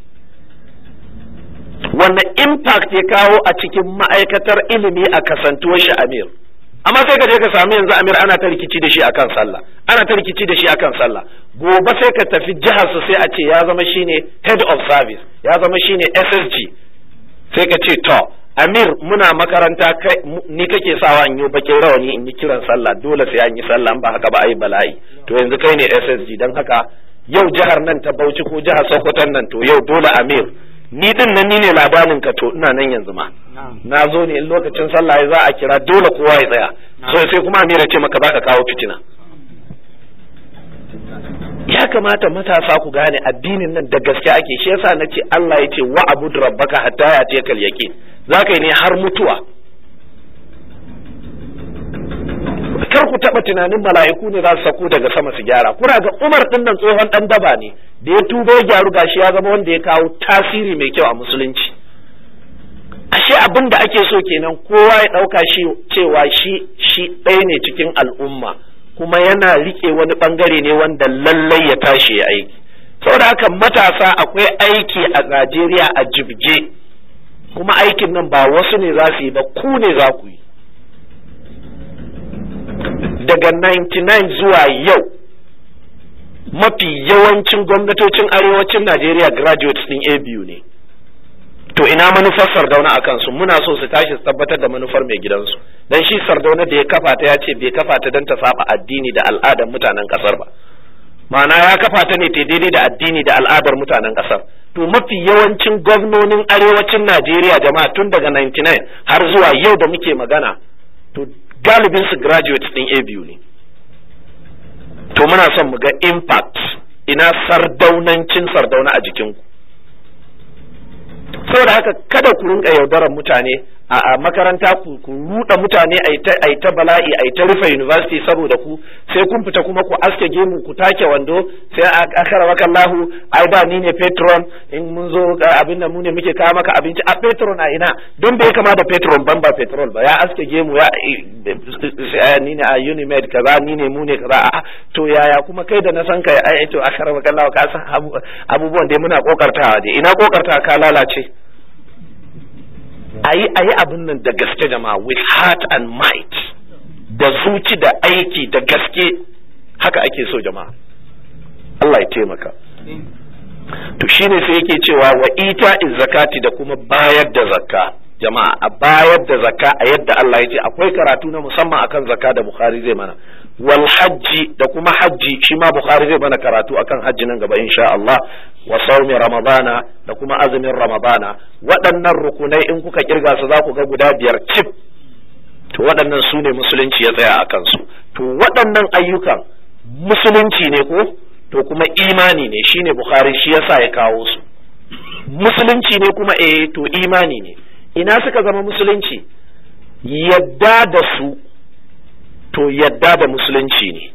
wanne impact ya kawo a cikin ma'aikatar ilimi a kasantuwar shi amir amma sai ka je ka sami yanzu amir ana ta rikici da shi akan sallah ana ta rikici da shi akan sallah gobe sai ka tafi jihar su sai a ce ya zama shine head of service ya zama shine SSG sai ka ce to Amir muna makaranta kai ni kake sawa in yi bakin rawani in yi kiran sallah dole sai an yi sallah ba haka ba ai bala'i to yanzu kai ne SSG dan haka yau jihar nan ta Bauchi ko jihar sokoton nan to yau dole Amir ni din nan ni ne labarin ka to ina nan yanzu ma na zo ne in lokacin sallah za a kira dole kowa ya tsaya so sai kuma amira ce maka baka kawo fitina ya kamata matasa ku gane addinin nan da gaske ake shi yasa nace Allah ya ce wa abud rabbaka hatta ya tekal yaqin zaka yi ne har mutuwa kar ku taɓa tunanin mala'iku ne za su sako daga sama su gyara kuna ga umar din nan tsohon ɗan daba ne da ya tuba ya gyaru gashi ya zama wanda ya kawo tasiri mai kyau a musulunci ashe abin da ake so kenan kowa ya ɗauka shi cewa shi shi ɗaya ne cikin al'umma kuma yana rike wani bangare ne wanda lallai ya tashi ya aiki saboda haka matasa akwai aiki a Najeriya a jibje kuma aikin nan ba wasu ne za su yi ba ku ne za ku yi daga 99 zuwa yau mafi yawancin gwamnatocin arewacin Najeriya graduates din A biyu ne to ina manufar sardauna a kansu muna so su tashi su tabbatar da manufar mai gidansu dan shi sardauna da ya kafa ta ya ce bai kafa ta don ta saba addini da al'adar mutanen kasar ba ma'ana ya kafa ta ne ta daidai da addini da al'adar mutanen kasar to mafi yawancin gwamnonin arewacin Najeriya jama'a tun daga 99 har zuwa yau da muke magana to galibin su graduate din a biyu ne to muna son mu ga impact ina sardaunancin sardauna a jikinku saboda haka kada ku rinka yaudarar mutane a makaranta ku ku mutane a ta bala'i a ta rufe university saboda ku sai kun fita kuma ku aske gemu ku take wando sai a akara maka Allahu ai ba ni ne patron in mun zo abin da mu ne muke kawo maka abinci a patron a ina don bai kama da patron ban ba petrol ba ya aske gemu ya ni ne a Unimed kaza ni ne mu ne kaza a to yaya kuma kai da na san ka ai to akara maka Allahu ka san abubuwan da muna kokartawa da ina kokartawa ka lalace ayi ayi abin nan da gaske da ma with heart and might da zuci da aiki da gaske haka ake so jama'a Allah ya taimaka to shine sai yake cewa wa ita zakati da kuma bayar da zakka jama'a a bayar da zakka a yadda Allah ya ce akwai karatu na musamman akan zakka da Bukhari zai mana wal hajji da kuma hajji shi ma Bukhari zai mana karatu akan hajji nan gaba insha Allah wa saumi ramadana da kuma azumin ramadana waɗannan rukunai in kuka kirga su za ku ga guda biyar cif to waɗannan su ne musulunci ya tsaya a kansu to waɗannan ayyukan musulunci ne ko to kuma imani ne shine Bukhari shi yasa ya kawo su musulunci ne kuma eh to imani ne ina suka zama musulunci yadda da su to yadda da musulunci ne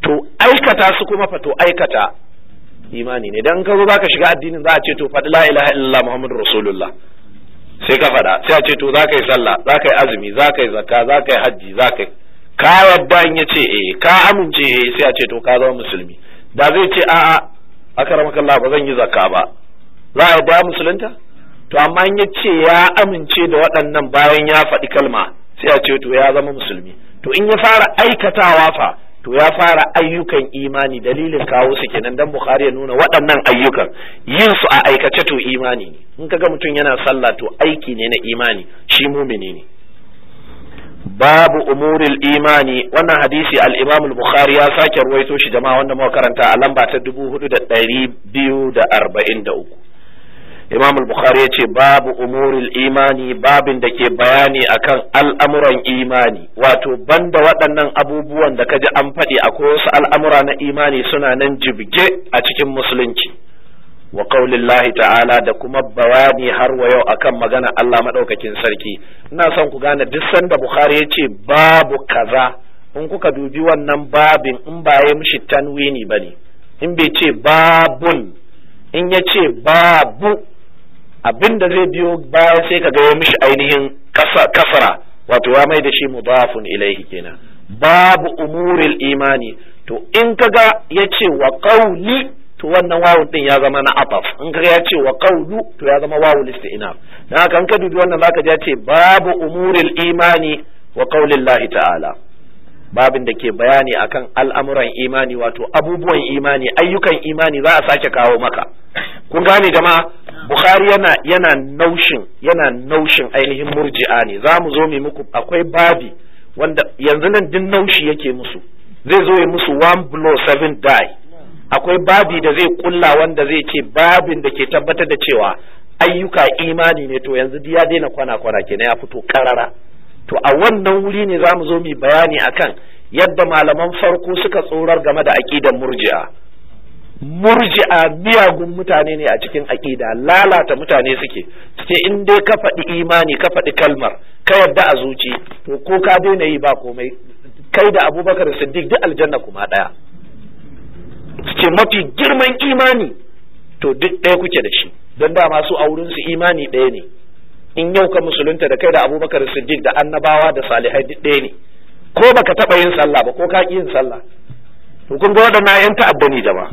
to aikata su kuma fa to aikata imani ne dan ka zo zaka shiga addinin za a ce to faɗi la ilaha illallah muhammadur rasulullah sai ka faɗa sai a ce to za yi sallah za yi azumi za ka yi zakka za yi hajji za ka yadda in ya ce eh ka amince eh sai a ce to ka zama musulmi da zai ce a'a a Allah ba zan yi zakka ba za a yadda musulunta to amma in ya ce ya amince da waɗannan bayan ya faɗi kalma sai ya ce to ya zama musulmi to in ya fara aikatawa fa to ya fara ayyukan imani dalilin kawo su kenan dan bukhari ya nuna waɗannan ayyukan yin su a aikace to imani ne in kaga mutum yana sallah to aiki ne na imani shi mumini ne babu umuril imani wannan hadisi al البخاري ساكر bukhari ya sake ruwaito shi jama'a wanda muka karanta a lamba ta uku. imam al-bukhari yace babu umuril imani babin da ke bayani akan al'amuran imani wato banda waɗannan abubuwan da kaji an faɗi akwai wasu al'amura na imani suna nan jibge a cikin musulunci wa qaulillahi ta'ala da kuma bayani har wa yau akan magana Allah madaukakin sarki ina son ku gane duk sanda bukhari yace babu kaza in kuka dubi wannan babin in ba ya mishi tanwini bane in bai ce babun in ya ce babu abin da zai biyo bayan sai ka ga ya mishi ainihin kasara wato ya mai da shi mudafun ilaihi kenan babu umuril imani to in kaga ya ce wa qauli to wannan wawun din ya zama na ataf in kaga ya ce wa qaulu to ya zama wawu listi'na dan haka in ka dubi wannan zaka ji ya ce babu umuril imani wa qaulillahi ta'ala babin da ke bayani akan al'amuran imani wato abubuwan imani ayyukan imani za a sake kawo maka kun gane jama'a bukhari yana yana naushin yana naushin ainihin murji'a ne za mu zo muku akwai babi wanda yanzu nan din naushi yake musu zai zo ya musu one blow seven die akwai babi da zai kulla wanda zai ce babin da ke tabbatar da cewa ayyuka imani ne to yanzu ya daina kwana kwana kenan ya fito karara to a wannan wuri ne za mu zo mu bayani akan yadda malaman farko suka tsorar game da aƙidar murji'a murji'a miyagun mutane ne a cikin aƙida lalata mutane suke suke in dai ka faɗi imani ka faɗi kalmar ka yadda a zuci to ko ka daina yi ba komai kai da abubakar siddiq duk aljanna kuma ɗaya suke mafi girman imani to duk ɗaya kuke da shi don dama su a wurinsu imani ɗaya ne in yau ka musulunta da kai da abubakar siddiq da annabawa da salihai duk ɗaya ne ko baka taɓa yin sallah ba ko ka ƙi yin sallah to kun ga waɗannan yan ta'adda ne jama'a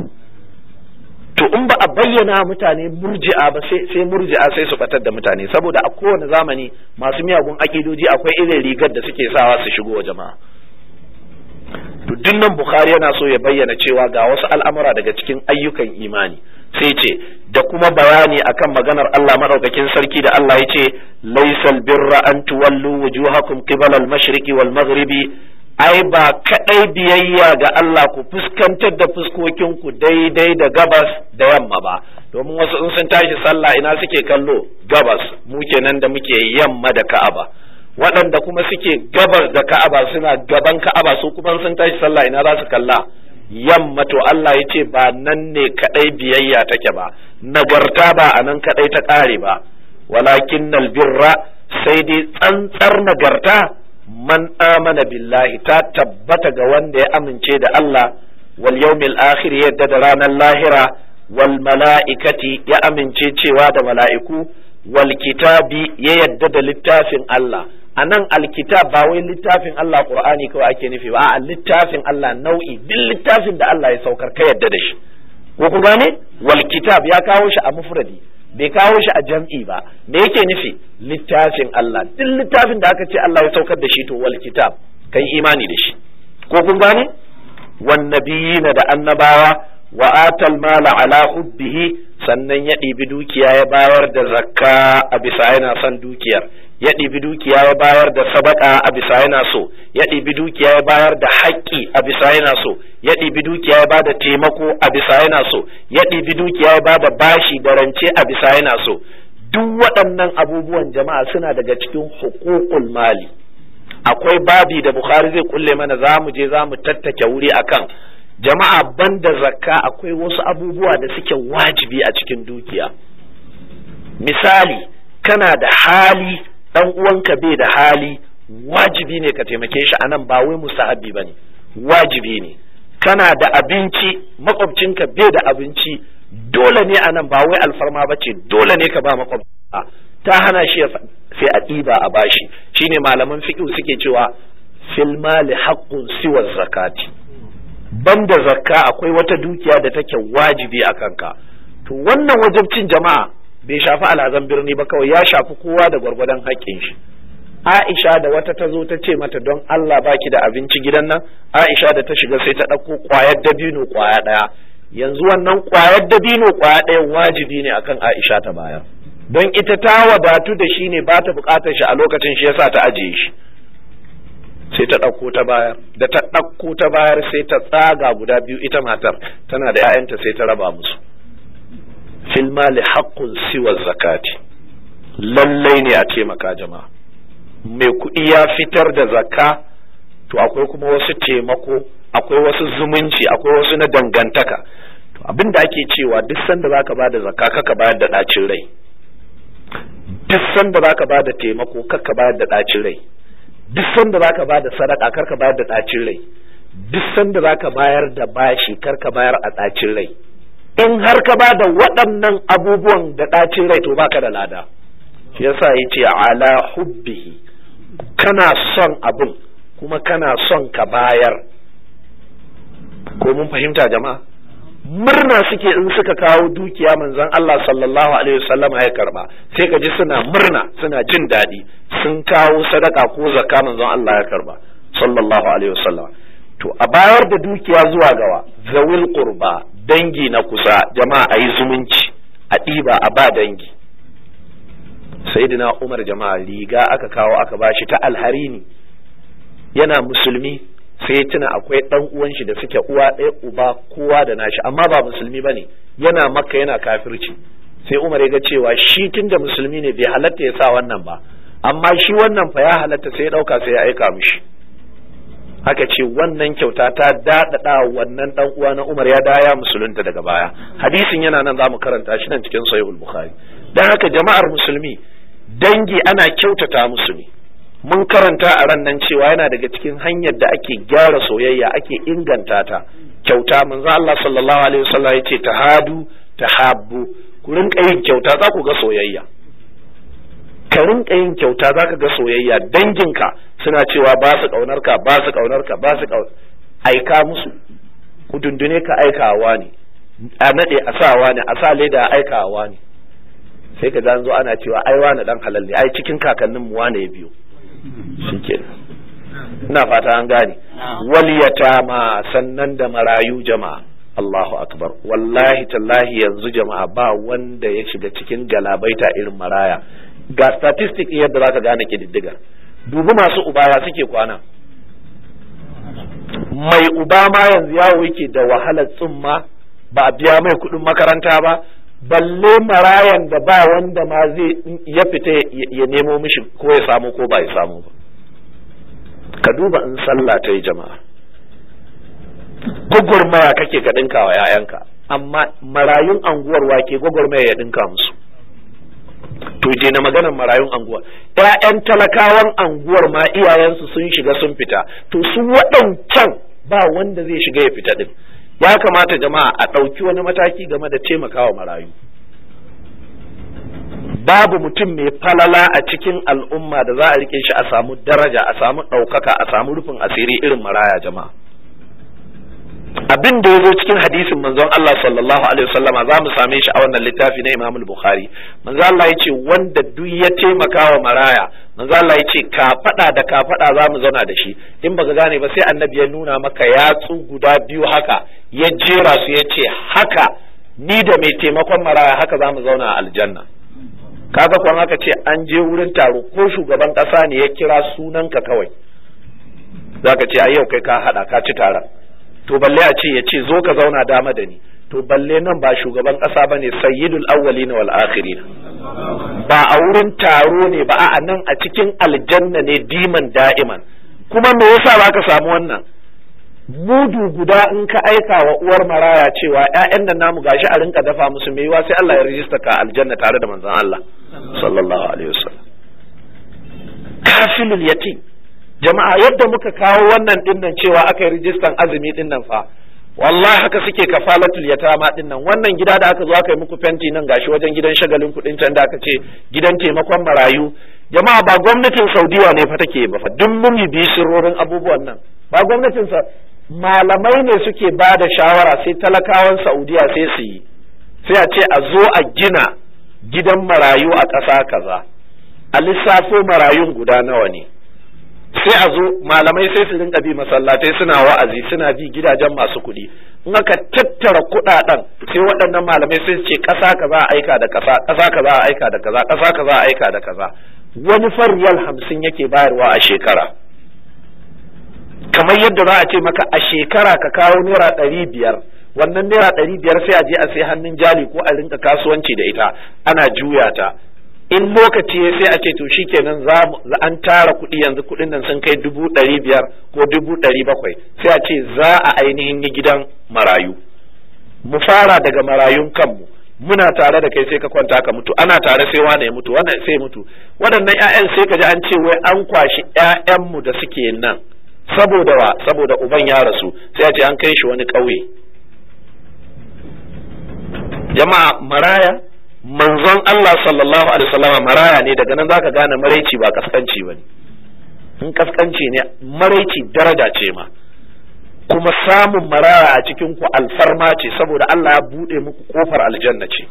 to in ba a bayyana mutane murji'a ba sai sai murji'a sai su batar da mutane saboda a kowane zamani masu miyagun akidoji akwai irin rigar da suke sawa su shigo wa jama'a to dinnan bukhari yana so ya bayyana cewa ga wasu al'amura daga cikin ayyukan imani sai ce da kuma bayani akan maganar Allah madaukakin sarki da Allah ya ce laysal birra an tuwallu wujuhakum qibala al-mashriqi wal maghribi ai ba kadai biyayya ga Allah ku fuskantar da fuskokin ku daidai da gabas da yamma ba domin wasu in sun tashi sallah ina suke kallo gabas mu kenan da muke yamma da Ka'aba waɗanda kuma suke gabas da Ka'aba suna gaban Ka'aba su kuma sun tashi sallah ina za su kalla yamma to Allah ya ce ba nan ne kadai biyayya take ba nagarta ba a nan kadai ta kare ba walakin birra sai dai tsantsar nagarta man amana billahi ta tabbata ga wanda ya amince da Allah wal yawmil akhir yadda da ranar lahira wal mala'ikati ya amince cewa da mala'iku wal kitabi ya yadda da littafin Allah a nan alkitab ba wai littafin Allah Qur'ani kawai ake nufi ba a littafin Allah nau'i duk littafin da Allah ya saukar ka yadda da shi ko ku gane wal kitab ya kawo shi a mufradi bai kawo shi a jam'i ba me yake nufi littafin Allah duk littafin da aka ce Allah ya saukar da shi to wal kitab kai imani da shi ko kun gane wan nabiyina da annabawa wa atal mala ala hubbihi sannan ya ɗibi dukiya ya bayar da zakka a bisa yana son dukiyar ya ɗibi dukiya ya bayar da sabaƙa a bisa yana so ya ɗibi dukiya ya bayar da haƙƙi a bisa yana so ya ɗibi dukiya ya bada taimako a bisa yana so ya ɗibi dukiya ya bada bashi da rance a bisa yana so duk waɗannan abubuwan jama'a suna daga cikin hukukul mali akwai babi da bukhari zai kulle mana za mu je za mu tattake wuri akan jama'a banda zakka akwai wasu abubuwa da suke wajibi a cikin dukiya misali kana da hali dan uwanka bai da hali wajibi ne ka taimake shi anan ba wai musahabi bane wajibi ne kana da abinci makwabcinka bai da abinci dole ne anan ba wai alfarma bace dole ne ka ba makwabta ta hana shi sai a ɗiba a bashi shine malaman fiqh suke cewa fil mali haqqun siwa zakati banda zakka akwai wata dukiya da take wajibi a kanka to wannan wajibcin jama'a bai shafi alhazan birni ba kawai ya shafi kowa da gwargwadon haƙƙin shi Aisha da wata ta zo ta ce mata don Allah baki da abinci gidan nan Aisha da ta shiga sai ta ɗauko ƙwayar dabino ƙwaya ɗaya yanzu wannan ƙwayar dabino ƙwaya ɗaya wajibi ne akan Aisha ta bayar don ita ta wadatu da shi ne ba ta buƙatar shi a lokacin shi yasa ta ajiye shi sai ta ɗauko ta bayar da ta ɗauko ta bayar sai ta tsaga guda biyu ita matar tana da 'ya'yanta sai ta raba musu fil mali haqqun siwa zakati lallai ne a taimaka jama'a mai kuɗi ya fitar da zakka to akwai kuma wasu taimako akwai wasu zumunci akwai wasu na dangantaka to abin da ake cewa duk sanda zaka bada zakka kaka bayar da ɗacin rai duk sanda zaka bada taimako kaka bayar da ɗacin rai duk sanda zaka bada sadaka karka bayar da ɗacin rai duk sanda zaka bayar da bashi karka bayar a ɗacin rai in har ka ba da waɗannan abubuwan da ɗacin rai to baka da lada shi yasa yace ala hubbihi kana son abin kuma kana son ka bayar ko mun fahimta jama'a murna suke in suka kawo dukiya manzan Allah sallallahu alaihi wasallam ya karba sai ka ji suna murna suna jin daɗi sun kawo sadaka ko zakka manzan Allah ya karba sallallahu alaihi wasallam to a bayar da dukiya zuwa gawa zawil ƙurba. dangi na kusa jama'a a yi zumunci a ɗiba a ba dangi Saidina umar jama'a riga aka kawo aka ba shi ta alharini yana musulmi sai tuna akwai ɗan uwan shi da suke uwa ɗaya uba kowa da nashi amma ba musulmi ne. yana makka yana kafirci sai umar ya ga cewa shi tunda musulmi ne bai halatta ya sa wannan ba amma shi wannan fa ya halatta sai ya ɗauka sai ya aika mishi aka ce wannan kyauta ta daɗaɗa wannan ɗan uwa na Umar ya daya musulunta daga baya hadisin yana nan zamu karanta shi nan cikin sahihul bukhari dan haka jama'ar musulmi dangi ana kyautata musu mun karanta a ran nan cewa yana daga cikin hanyar da ake gyara soyayya ake inganta ta kyauta manzo Allah sallallahu alaihi wasallam yace tahadu tahabbu ku rinka yin kyauta za ku ga soyayya ka rinka yin kyauta zaka ga soyayya danginka suna cewa ba su kaunarka ba su kaunarka ba su aika musu kudundune ka aika wa ne a nade a sa wa ne a sa leda aika wa ne sai ka zo ana cewa ai wani dan halal ne ai cikin kakannin mu wane ya biyo shikenan ina fata an gane wal ma sannan da marayu jama'a Allahu akbar wallahi tallahi yanzu jama'a ba wanda ya shiga cikin galabaita irin maraya ga statistic yadda ka gane kididdiga dubi masu ubaya suke kwana mai uba ma yanzu yawo yake da wahalar tsumma ba a biya mai kuɗin makaranta ba balle marayan da ba wanda ma zai ya fita ya nemo mishi ko ya samu ko ba ya samu ba ka duba in sallah ta yi jama'a gwagwarmaya kake ka ɗinka wa 'ya'yanka amma marayun anguwar wake gwagwarmaya ya ɗinka musu to je na maganar marayun anguwa ƴaƴan talakawan anguwar ma iyayensu sun shiga sun fita to su waɗancan ba wanda zai shiga ya fita ɗin. ya kamata jama'a a ɗauki wani mataki game da taimakawa marayu babu mutum mai falala a cikin al'umma da za a rike shi a samu daraja a samu ɗaukaka a samu rufin asiri irin maraya jama'a abin da ya zo cikin hadisin manzon Allah sallallahu alaihi wasallama za mu same shi a wannan littafi na Imam Bukhari manzo Allah yace wanda duk ya taimaka wa maraya manzo Allah yace ka fada da ka fada za mu zauna da shi in baka gane ba sai annabi ya nuna maka yatsu guda biyu haka ya jera su yace haka ni da mai taimakon maraya haka za mu zauna a aljanna kaga kuma haka ce an je wurin taro ko shugaban kasa ne ya kira sunanka kawai zaka ce a yau kai ka hada ka ci taron to balle a ce ya ce zo ka zauna dama da ni to balle nan ba shugaban ƙasa ba ne sayyidul na wal akhirin ba a wurin taro ne ba a nan a cikin aljanna ne diman da'iman kuma me yasa ba ka samu wannan mudu guda in ka aika wa uwar maraya cewa ƴaƴan nan namu gashi a rinka dafa musu mai yiwa sai Allah ya rijista ka aljanna tare da manzon Allah sallallahu alaihi wasallam kafilul yatim jama'a yadda muka kawo wannan dinnan cewa aka yi rijistan azumi dinnan fa wallahi haka suke kafalatul yatama din nan wannan gida da aka zo aka yi muku fenti nan gashi wajen gidan shagalin kudin can da aka ce gidan taimakon marayu jama'a ba gwamnatin saudiya ne fa take ba fa duk mun bi shirorin abubuwan nan ba gwamnatin sa malamai ne suke ba da shawara sai talakawan saudiya sai su yi sai a ce a zo a gina gidan marayu a ƙasa kaza a lissafo marayun guda nawa ne sai a zo malamai sai su rinka bi masallatai suna wa'azi suna bi gidajen masu kuɗi in aka tattara kuɗaɗen sai waɗannan malamai sai ce ƙasa ka a aika da ƙasa ƙasa a aika da kaza ƙasa ka a aika da kaza wani farwal hamsin yake bayarwa a shekara kamar yadda za a ce maka a shekara ka kawo naira ɗari biyar wannan naira ɗari biyar sai a je a sai hannun jali ko a rinka kasuwanci da ita ana juya ta in lokaci ya sai a ce to shikenan za an tara kuɗi yanzu kuɗin nan sun kai dubu ɗari biyar ko dubu ɗari bakwai sai a ce za a ainihin yi gidan marayu mu fara daga marayun kanmu muna tare da kai sai ka kwanta ka mutu ana tare sai wane ya mutu wannan sai mutu waɗannan ƴaƴan sai ka ji an ce wai an kwashi ƴaƴanmu da suke nan saboda wa saboda uban ya rasu sai a ce an kai shi wani ƙauye jama'a maraya manzon Allah sallallahu alaihi wasallam maraya ne daga nan zaka gane maraici ba kaskanci bane in kaskanci ne maraici daraja ce ma kuma samun maraya a cikin ku alfarma ce saboda Allah ya bude muku kofar aljanna ce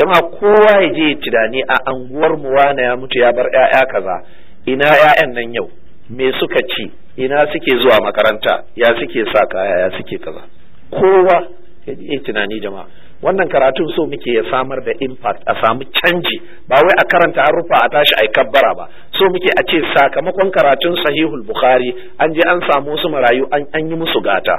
jama'a kowa ya je tunani a anguwar mu wani ya mutu ya bar yaya kaza ina yayan nan yau me suka ci ina suke zuwa makaranta ya suke sa kaya ya suke kaza kowa ya je tunani jama'a wannan karatun so muke ya samar da impact a samu canji ba wai a karanta an rufa a tashi a kabbara ba so muke a ce sakamakon karatun sahihul bukhari an je an samu su marayu an yi musu gata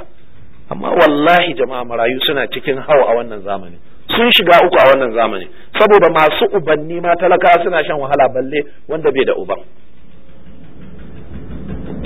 amma wallahi jama'a marayu suna cikin hau a wannan zamani sun shiga uku a wannan zamani saboda masu ubanni ma talaka suna shan wahala balle wanda bai da uban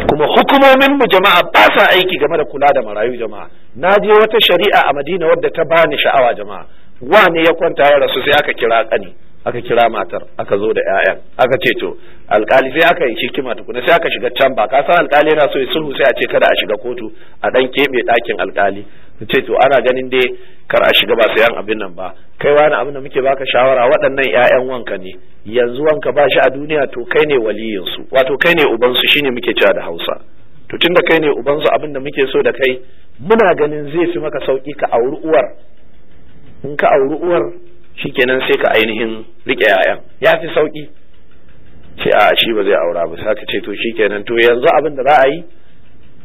kuma hukumomin mu jama'a ba sa aiki game da kula da marayu jama'a na je wata shari'a a Madina wadda ta bani sha'awa jama'a wane ya kwanta ya rasu sai aka kira kani aka kira matar aka zo da 'ya'yan aka ce to alkali sai aka yi hikima tukuna sai aka shiga can ba ka san alkali yana so ya sulhu sai a ce kada a shiga kotu a ɗan keɓe ɗakin alkali ce to ana ganin dai kar a shiga ba sayan abin nan ba kai wani abin da muke baka shawara waɗannan ƴaƴan wanka ne yanzu wanka ba shi a duniya to kai ne waliyin wato kai ne uban su shine muke cewa da Hausa to tunda kai ne uban su abin da muke so da kai muna ganin zai fi maka sauki ka auri uwar in ka auri uwar shikenan sai ka ainihin rike ƴaƴan ya fi sauki sai a shi ba zai aura ba sai ka ce to shikenan to yanzu abin da za a yi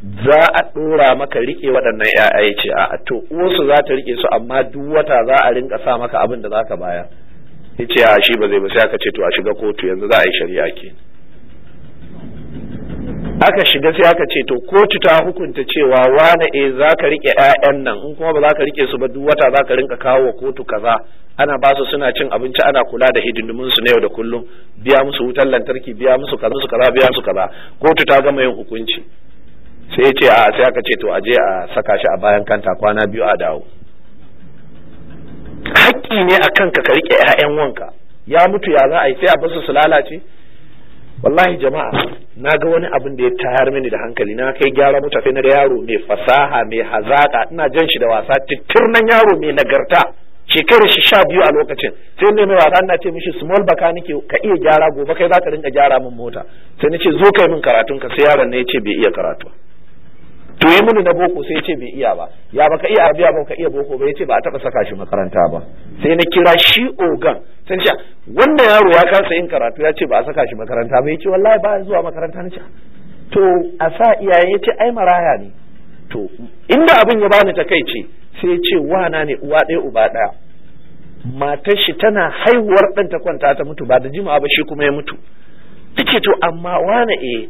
za a ɗora maka riƙe waɗannan ‘ya'ya ya ce a to uwarsu za ta riƙe su amma duk wata za a rinka sa maka abin da za ka bayar ya ce a shi ba zai ba sai aka ce to a shiga kotu yanzu za a yi shari'a ke aka shiga sai aka ce to kotu ta hukunta cewa wane e za ka riƙe ‘ya'yan nan in kuma ba za ka riƙe su ba duk wata za ka rinka kawo wa kotu kaza ana ba su suna cin abinci ana kula da hidindumin su na yau da kullum biya musu wutar lantarki biya musu kaza biya musu kaza kotu ta gama yin hukunci sai ya ce a sai aka ce to a je a saka shi a bayan kanta kwana biyu a dawo haƙƙi ne a kan ka riƙe 'ya'yan wanka ya mutu ya za a yi sai a basu su lalace wallahi jama'a na ga wani abin da ya tayar mini da hankali na kai gyara mu tafi na yaro mai fasaha mai hazaka ina jan shi da wasa nan yaro mai nagarta shekarar shi sha biyu a lokacin sai ne mai wasa ina ce mishi small baka nake ka iya gyara gobe kai za ka rinka gyara min mota sai na ce zo kai min karatun ka sai yaron ne ya ce bai iya karatu to ya mini na boko sai ya ce bai iya ba ya baka iya abiya ba ka iya boko ba ya ce ba a taba saka shi makaranta ba sai na kira shi ogan sai ce wannan yaro ya kasa yin karatu ya ce ba a saka shi makaranta ba ya ce wallahi ba zuwa makaranta na ce to a sa iyayen ya ce ai maraya ne to inda abin ya bani ta kai ce sai ya ce wana ne uwa ɗaya uba ɗaya matar shi tana haihuwar ɗan ta kwanta ta mutu ba da jimawa ba shi kuma ya mutu take to amma wane eh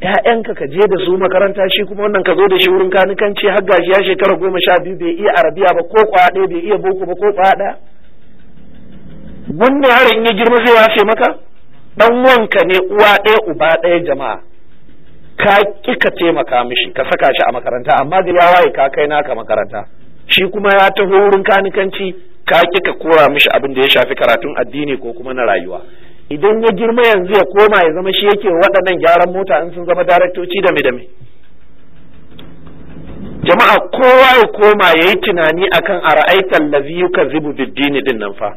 Ya'yanka ka je da su makaranta shi kuma wannan ka zo da shi wurin kanikanci har gashi ya shekara goma sha biyu bai iya arabiya ba ko kwaya ɗaya bai iya boko ba ko kwaya ɗaya harin in ya girma zai wace maka dan wanka ne uwa ɗaya uba ɗaya jama'a ka ki ka taimaka mishi ka saka shi a makaranta amma da ya waye ka kai naka makaranta shi kuma ya taho wurin kanikanci ka ki ka kora mishi abin da ya shafi karatun addini ko kuma na rayuwa idan ya girma yanzu ya koma ya zama shi yake waɗannan gyaran mota in sun zama daraktoci da mai da mai jama'a kowa ya koma ya yi tunani akan a laziyu lazi zibu biddini din nan fa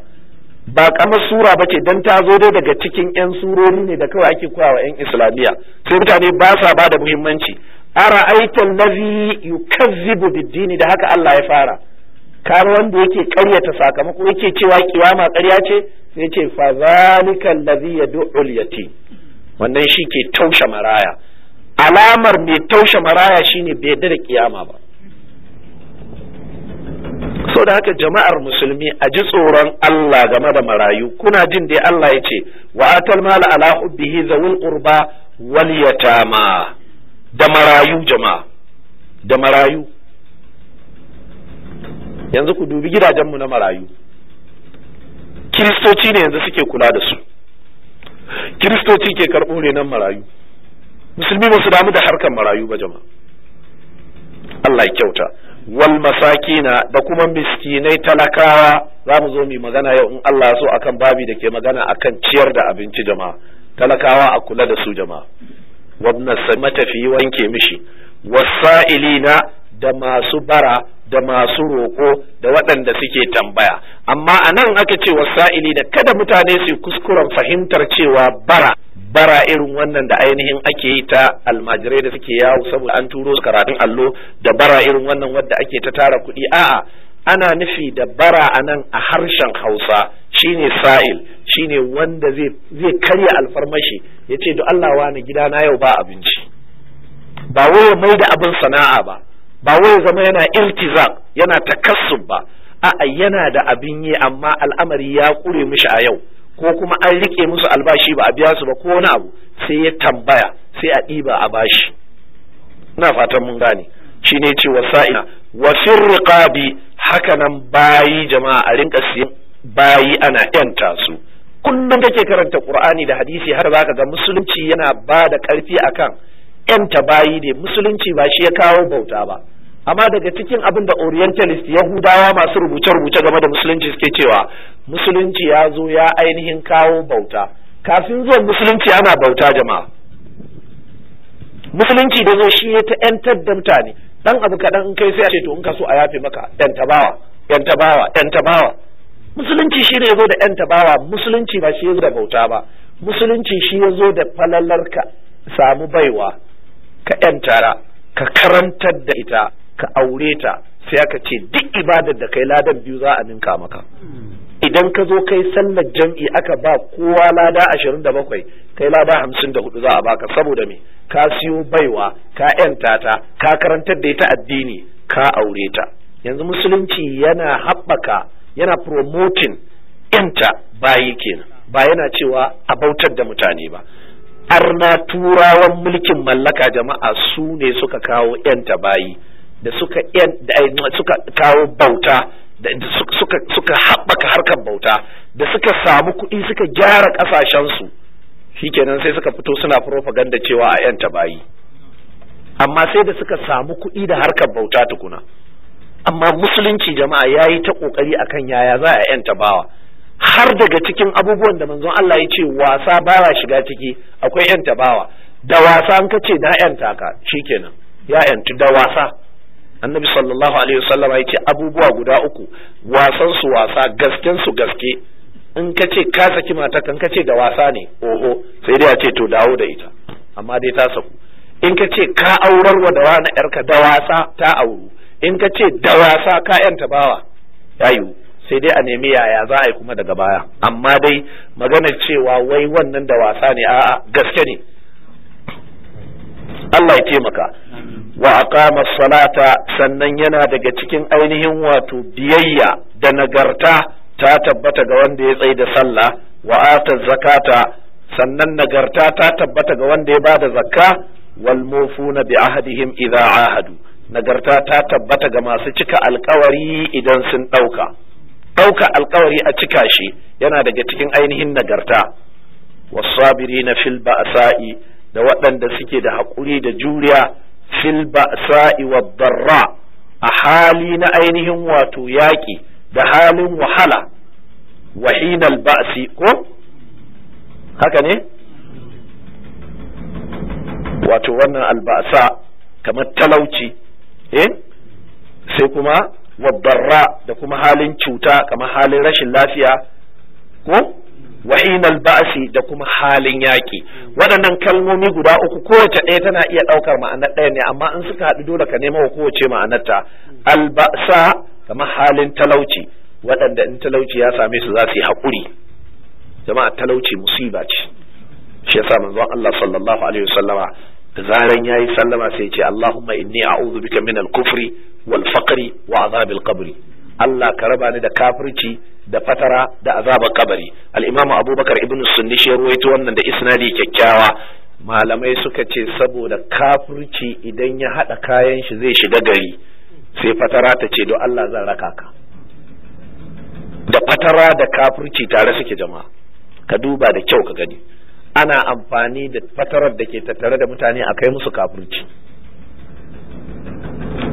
ba kama sura ba ce don ta zo dai daga cikin 'yan surori ne da kawai ake wa 'yan islamiyya sai mutane ba sa ba da muhimmanci a laziyu lazi yukazibu biddini da haka Allah ya fara kar wanda yake karyata sakamako yake cewa kiyama ƙarya ce sai ce fa zalika allazi yad'u al-yatim wannan shi ke taushe maraya alamar mai taushe maraya shine bai da kiyama ba so da haka jama'ar musulmi a ji tsoron Allah game da marayu kuna jin dai Allah ya ce wa atal mal ala hubbihi zawul qurba wal yatama da marayu jama'a da marayu yanzu ku dubi gidajenmu na marayu kiristoci ne yanzu suke kula da su kiristoci ke karɓo renon marayu musulmi ba su damu da harkar marayu ba jama'a Allah ya kyauta wal masakina da kuma miskinai talakawa za mu zo mu magana yau in Allah so akan babi da ke magana akan ciyar da abinci jama'a talakawa a kula da su jama'a wabna matafi wanke mishi wasa'ilina da masu bara da masu roƙo da waɗanda suke tambaya amma a nan aka ce wasa'ili da kada mutane su kuskuren fahimtar cewa bara bara irin wannan da ainihin ake yi ta almajirai da suke yawo saboda an turo su karatun allo da bara irin wannan wadda ake ta tara kuɗi a'a ana nufi da bara a nan a harshen hausa shine sa'il shine wanda zai karya alfarmashi ya ce da Allah wani gidana yau ba abinci ba wai mai da abin sana'a ba ba wai zama yana iltizam yana takassub ba a'a yana da abin yi amma al'amari ya kure mishi a yau ko kuma an rike musu albashi ba a biya su ba ko wani abu sai ya tambaya sai a ɗiba a bashi ina fatan mun gane shi ne ce wasa'ina wa Haka nan, bayi jama'a a rinka siyan bayi ana yanta su kullum kake karanta qur'ani da hadisi har zaka ga musulunci yana ba da karfi akan yanta bayi ne musulunci ba shi ya kawo bauta ba amma daga cikin abin da orientalist yahudawa masu rubuce-rubuce game da musulunci suke cewa musulunci ya zo ya ainihin kawo bauta kafin zuwan musulunci ana bauta jama'a musulunci da zo shi ya ta yantar da mutane dan abu kaɗan in kai sai a ce to in ka so a yafe maka yan tabawa yan tabawa yan tabawa musulunci shi ne ya zo da yan tabawa musulunci ba shi ya zo da bauta ba musulunci shi ya zo da falalar ka samu baiwa ka yan tara ka karantar da ita ka aure ta sai aka ce duk ibadar da kai ladan biyu za a ninka maka idan ka zo kai sallar jam'i aka ba kowa lada ashirin da bakwai kai lada hamsin da hudu za a baka saboda me ka siyo baiwa ka yanta ta ka karantar da ita addini ka aure ta yanzu musulunci yana haɓaka yana promoting yanta bayi kenan ba yana cewa a bautar da mutane ba arna turawan mulkin mallaka jama'a su ne suka kawo yanta bayi da suka suka kawo bauta da suka suka haɓaka harkar bauta da suka samu kuɗi suka gyara ƙasashensu shikenan sai suka fito suna propaganda cewa a yan tabayi amma sai da suka samu kuɗi da harkar bauta tukuna amma musulunci jama'a ya yi ta ƙoƙari akan yaya za a yan tabawa. har daga cikin abubuwan da manzon Allah ya ce wasa baya shiga ciki akwai yan tabawa. da wasa an kace da yan taka, shikenan ya yantu da wasa annabi sallallahu alaihi wasallam ya ce abubuwa guda uku wasan su wasa gasken su gaske in ka ce ka saki mata kan ka ce da wasa ne oho sai dai a ce to dawo da ita amma dai ta saku in ka ce ka aurar wa da wani yarka da wasa ta auru in ka ce da wasa ka yanta bawa yayu sai dai a nemi yaya za a yi kuma daga baya amma dai maganar cewa wai wannan da wasa ne a'a gaske ne Allah ya taimaka wa aqama salata sannan yana daga cikin ainihin wato biyayya da nagarta ta tabbata ga wanda ya tsai da sallah wa ata zakata sannan nagarta ta tabbata ga wanda ya bada zakka wal mufuna bi ahadihim idha ahadu nagarta ta tabbata ga masu cika alkawari idan sun dauka dauka alkawari a cika shi yana daga cikin ainihin nagarta filba fil ba'sa'i da waɗanda suke da haƙuri da juriya fil ba'sa'i wa darra a hali na ainihin wato yaƙi da halin wahala wa hinal ba'si ko haka ne wato wannan albasa kamar talauci eh sai kuma wa darra da kuma halin cuta kamar halin rashin lafiya ko wahinal ba'asi da kuma halin yaƙi waɗannan kalmomi guda uku kowace ɗaya tana iya ɗaukar ma'anar ɗaya ne amma in suka haɗu dole ka nema wa kowace ma'anarta alba'sa kamar halin talauci waɗanda in talauci ya same su za su yi haƙuri jama'a talauci musiba ce shi yasa manzon Allah sallallahu alaihi wasallama zaran yayi sallama sai ya ce Allahumma inni a'udhu bika min al-kufri wal faqri wa azab al-qabri Allah ka raba ni da kafirci da fatara da azabar kabari al Abubakar ibn Sunni shi ruwaito wannan da isnadi kyakkyawa malamai suka ce saboda kafirci idan ya hada kayan shi zai shiga gari sai fatara ta ce don Allah zan raka ka da fatara da kafirci tare suke jama'a ka duba da kyau ka gani ana amfani da fatarar da ke tattare da mutane a kai musu kafirci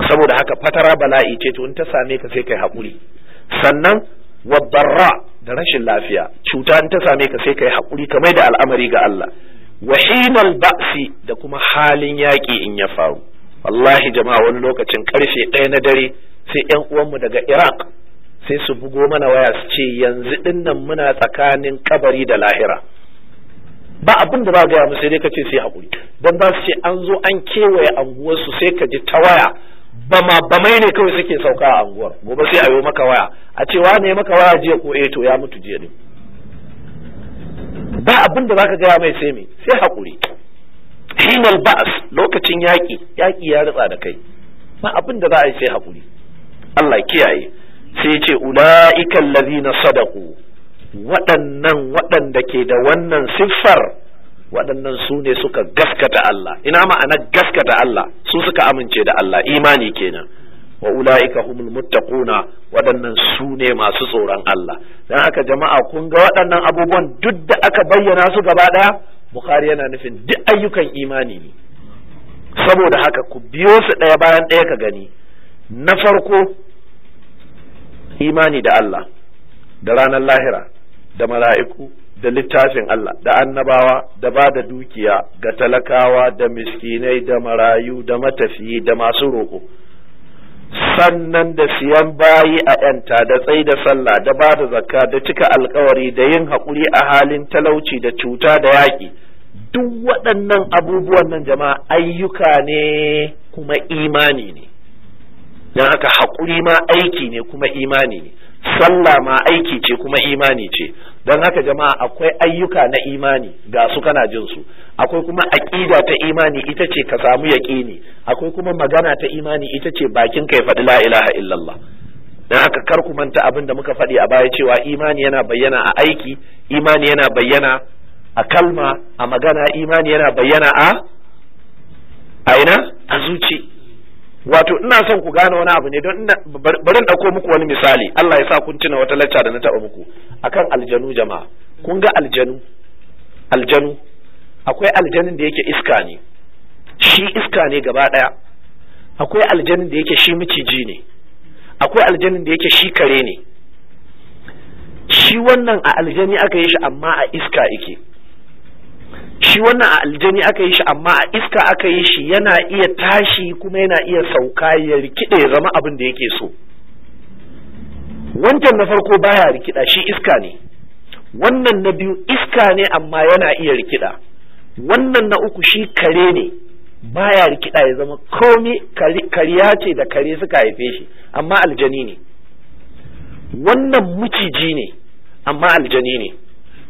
saboda haka fatara bala'i ce to in ta same ka sai kai haƙuri sannan wabbarra da rashin lafiya cuta in ta same ka sai kai haƙuri ka mai da al'amari ga Allah hinal ba'si da kuma halin yaƙi in ya faru wallahi jama'a wani lokacin karfe ɗaya na dare sai ƴan uwanmu daga Iraq sai su bugo mana waya su ce yanzu dinnan muna tsakanin kabari da lahira ba abin da ba gaya musu sai dai ka ce sai haƙuri don ba su ce an zo an kewaye anguwarsu sai ka ji ta waya bama bamai ne kawai suke sauka a anguwar gobe sai a yi maka waya a cewa ne maka waya jiya ko eh to ya mutu jiya ne ba abin da zaka gaya mai sai me sai hakuri hinal ba'as lokacin yaki yaki ya ritsa da kai ba abin da za a yi sai hakuri Allah kiyaye sai ce ula'ika allazina sadaqu waɗannan waɗanda ke da wannan siffar waɗannan su ne suka gaskata Allah ina ma'ana gaskata Allah su suka amince da Allah imani kenan wa ula'ika humul muttaquna waɗannan su ne masu tsoron Allah dan haka jama'a kun ga waɗannan abubuwan duk da aka bayyana su gaba ɗaya Bukhari yana nufin duk ayyukan imani ne saboda haka ku biyo su ɗaya bayan ɗaya ka gani na farko imani da Allah da ranar lahira da mala'iku da littafin Allah da annabawa da ba da dukiya ga talakawa da miskinai da marayu da matafiyi da masu roƙo sannan da siyan bayi a ‘yanta da tsai da sallah da ba da zakka da cika alkawari da yin haƙuri a halin talauci da cuta da yaƙi duk waɗannan abubuwan nan jama'a ayyuka ne kuma imani ne don haka haƙuri ma aiki ne kuma imani ne sallah ma aiki ce kuma imani ce don haka jama'a akwai ayyuka na imani ga su kana jin su akwai kuma aqida ta imani ita ce ka samu yaqini akwai kuma magana ta imani ita ce bakin kai ya faɗi la ilaha illallah don haka kar ku manta abin da muka faɗi a baya cewa imani yana bayyana a aiki imani yana bayyana a kalma a magana imani yana bayyana a a ina a zuci wato ina son ku gane wani abu ne don bari in dauko muku wani misali Allah ya sa kun tuna wata lacca da na taba muku akan aljanu jama'a kun ga aljanu aljanu akwai aljanin da yake iska ne shi iska ne gaba daya akwai aljanin da yake shi miciji ne akwai aljanin da yake shi kare ne shi wannan a aljani aka yi shi amma a iska yake shi wannan a aljani aka yi shi amma a iska aka yi shi yana iya tashi kuma yana iya sauka ya rikide ya zama abin da yake so wancan na farko baya rikida shi iska ne wannan na biyu iska ne amma yana iya rikida wannan na uku shi kare ne baya rikida ya zama komi kariya ce da kare suka haife shi amma aljani ne wannan muciji ne amma aljani ne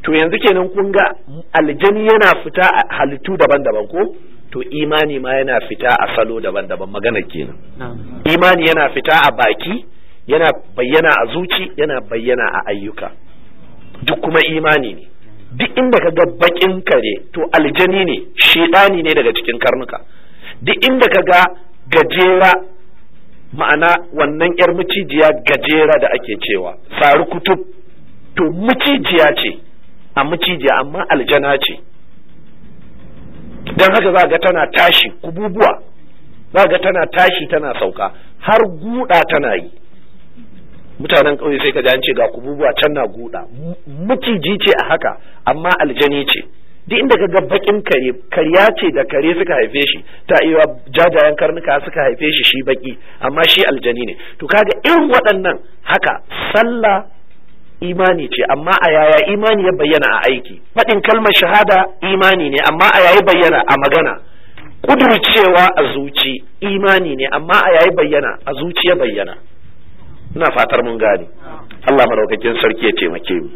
to yanzu kenan kun ga aljani yana fita a halittu daban-daban ko to imani ma yana fita a salo daban-daban magana kenan imani yana fita a baki yana bayyana a zuci yana bayyana a ayyuka duk kuma imani ne duk inda ka ga bakin kare to aljani ne shidani ne daga cikin karnuka duk inda ka ga gajera ma'ana wannan yar macijiya gajera da ake cewa sarukutub to macijiya ce a maciji amma aljana ce don haka za ga tana tashi kububuwa za ga tana tashi tana sauka har guda tana yi mutanen ƙauye sai ka ce ga kububuwa can na guda maciji ce a haka amma aljani ce duk inda ka ga bakin kare karya ce da kare suka haife shi ta iya jajayen karnuka suka haife shi shi baki amma shi aljani ne to kaga irin waɗannan haka sallah imani ce amma a yaya imani ya bayyana a aiki faɗin kalmar shahada imani ne amma a yayi bayyana a magana kudurcewa a zuci imani ne amma a yayi bayyana a zuci ya bayyana ina fatar mun gane Allah madaukakin sarki ya taimake mu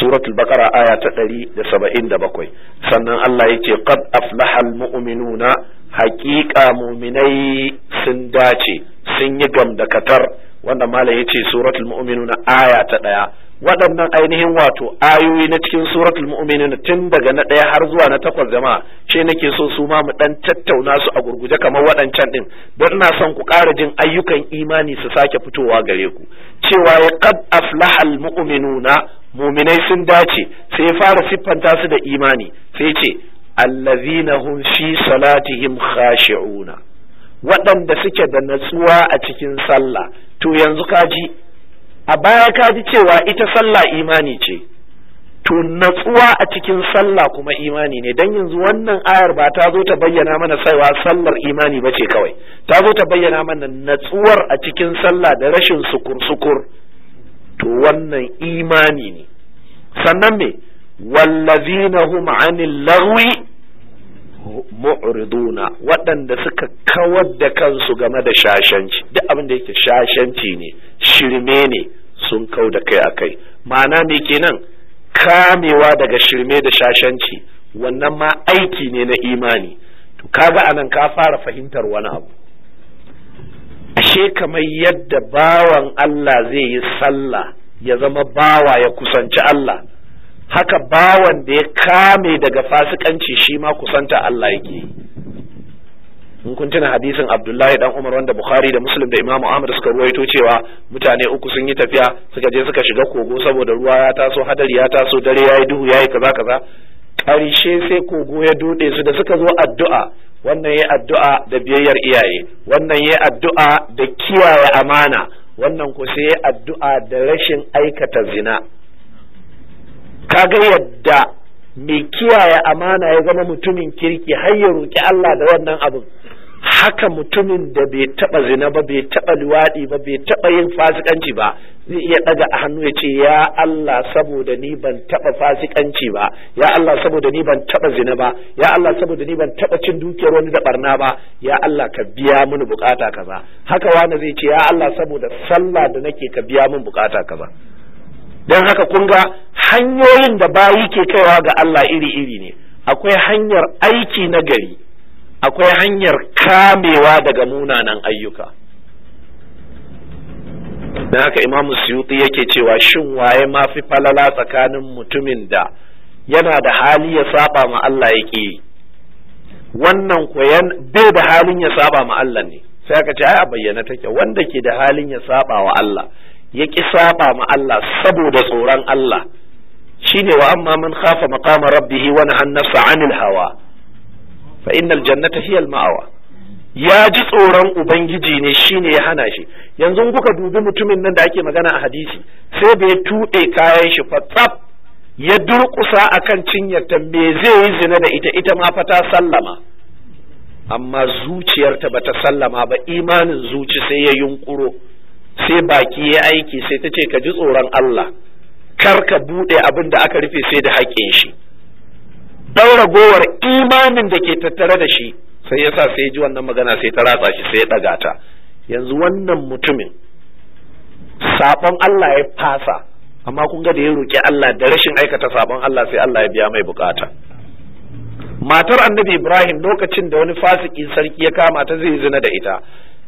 suratul baqara aya ta 177 sannan Allah yake qad aflahal mu'minuna haqiqa mu'minai sun dace sun yi gamdakatar wannan malam ya ce suratul mu'minuna aya ta ɗaya waɗannan ainihin wato ayoyi na cikin suratul mu'minuna tun daga na ɗaya har zuwa na takwas jama'a ce nake so su ma mu ɗan tattauna su a gurguje kamar waɗancan ɗin don ina son ku ƙara jin ayyukan imani su sake fitowa gare ku cewa ya qad aflahal mu'minuna muminai sun dace sai fara siffanta su da imani sai ce allazina hum fi salatihim khashi'una waɗanda suke da natsuwa a cikin sallah to yanzu kaji a baya kaji cewa ita sallah imani ce to natsuwa a cikin sallah kuma imani ne dan yanzu wannan ayar ba ta zo ta bayyana mana saiwa sallar imani ba ce kawai ta zo ta bayyana mana natsuwar a cikin sallah da rashin sukur sukur to wannan imani ne sannan me wallazina hum anil lagwi mu'riduna waɗanda suka kawar da kansu game da shashanci duk abin da yake shashanci ne shirme ne sun kau da kai akai ma'ana me kenan kamewa daga shirme da shashanci wannan ma aiki ne na imani to kaga anan ka fara fahimtar wani abu ashe kamar yadda bawan Allah zai yi sallah ya zama bawa ya kusanci Allah haka bawan da ya kame daga fasikanci shi ma kusanta Allah yake in kun tuna hadisin Abdullahi dan Umar wanda Bukhari da Muslim da Imam Ahmad suka ruwaito cewa mutane uku sun yi tafiya suka je suka shiga kogo saboda ruwa ya taso hadari ya taso dare yayi duhu yayi kaza kaza karshe sai kogo ya dode su da suka zo addu'a wannan yayi addu'a da biyayyar iyaye wannan yayi addu'a da kiyaye amana wannan ko sai addu'a da rashin aikata zina kaga yadda mai kiyaye amana ya zama mutumin kirki har ya roki Allah da wannan abin haka mutumin da bai taba zina ba bai taba luwaɗi ba bai taba yin fasikanci ba zai iya daga a hannu ya ce ya Allah saboda ni ban taba fasikanci ba ya Allah saboda ni ban taba zina ba ya Allah saboda ni ban taba cin dukiyar wani da barna ba ya Allah ka biya mini bukata kaza haka wani zai ce ya Allah saboda sallah da nake ka biya min bukata kaza don haka kun ga hanyoyin da bayi ke kaiwa ga Allah iri-iri ne akwai hanyar aiki na gari akwai hanyar kamewa daga munanan ayyuka don haka imamu suyuti yake cewa shin waye ma fi falala tsakanin mutumin da yana da hali ya saba ma Allah ya yake wannan koyan bai da halin ya saba ma Allah ne sai aka ce ai a bayyana take wanda ke da halin ya saba wa Allah ya ƙi saba ma Allah saboda tsoron Allah shine wa amma man khafa maqama rabbih wa nahan nafsa 'anil hawa fa innal jannata hiya al ma'awa ya ji tsoron ubangiji ne shine ya hana shi yanzu kuka dubi mutumin nan da ake magana a hadisi sai bai tuɗe kayan shi fatsaf ya durƙusa akan cinyarta me zai yi zina da ita ita ma fata sallama amma zuciyarta bata sallama ba imanin zuci sai ya yunƙuro sai baki ya aiki sai ta ce ka ji tsoron Allah kar ka bude abin da aka rufe sai da haƙƙin shi ɗaura gowar imanin da ke tattare da shi sai yasa sa sai ji wannan magana sai ta ratsa shi sai ya ɗaga ta yanzu wannan mutumin sabon Allah ya fasa amma kun ga da ya roƙi Allah da rashin aikata sabon Allah sai Allah ya biya mai buƙata. matar annabi Ibrahim lokacin da wani fasiki sarki ya kama ta zai zina da ita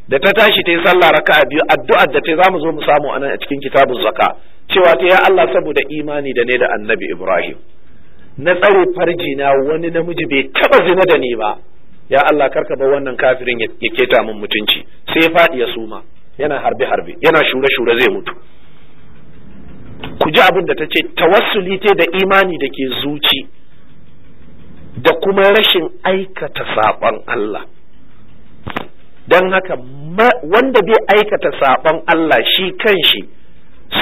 da ta tashi ta yi sallah raka'a biyu addu'ar da ta zamu zo mu samu anan a cikin kitabun zaka cewa ta ya Allah saboda imani da ne da annabi Ibrahim na tsare farji na wani namiji bai taba zina da ni ba ya Allah karka ba wannan kafirin ya keta min mutunci sai ya faɗi ya suma yana harbe harbe yana shure shure zai mutu ku ji abin da ta ce tawassuli te da imani da ke zuci da kuma rashin aikata saɓon Allah don haka wanda bai aikata saɓon Allah shi kanshi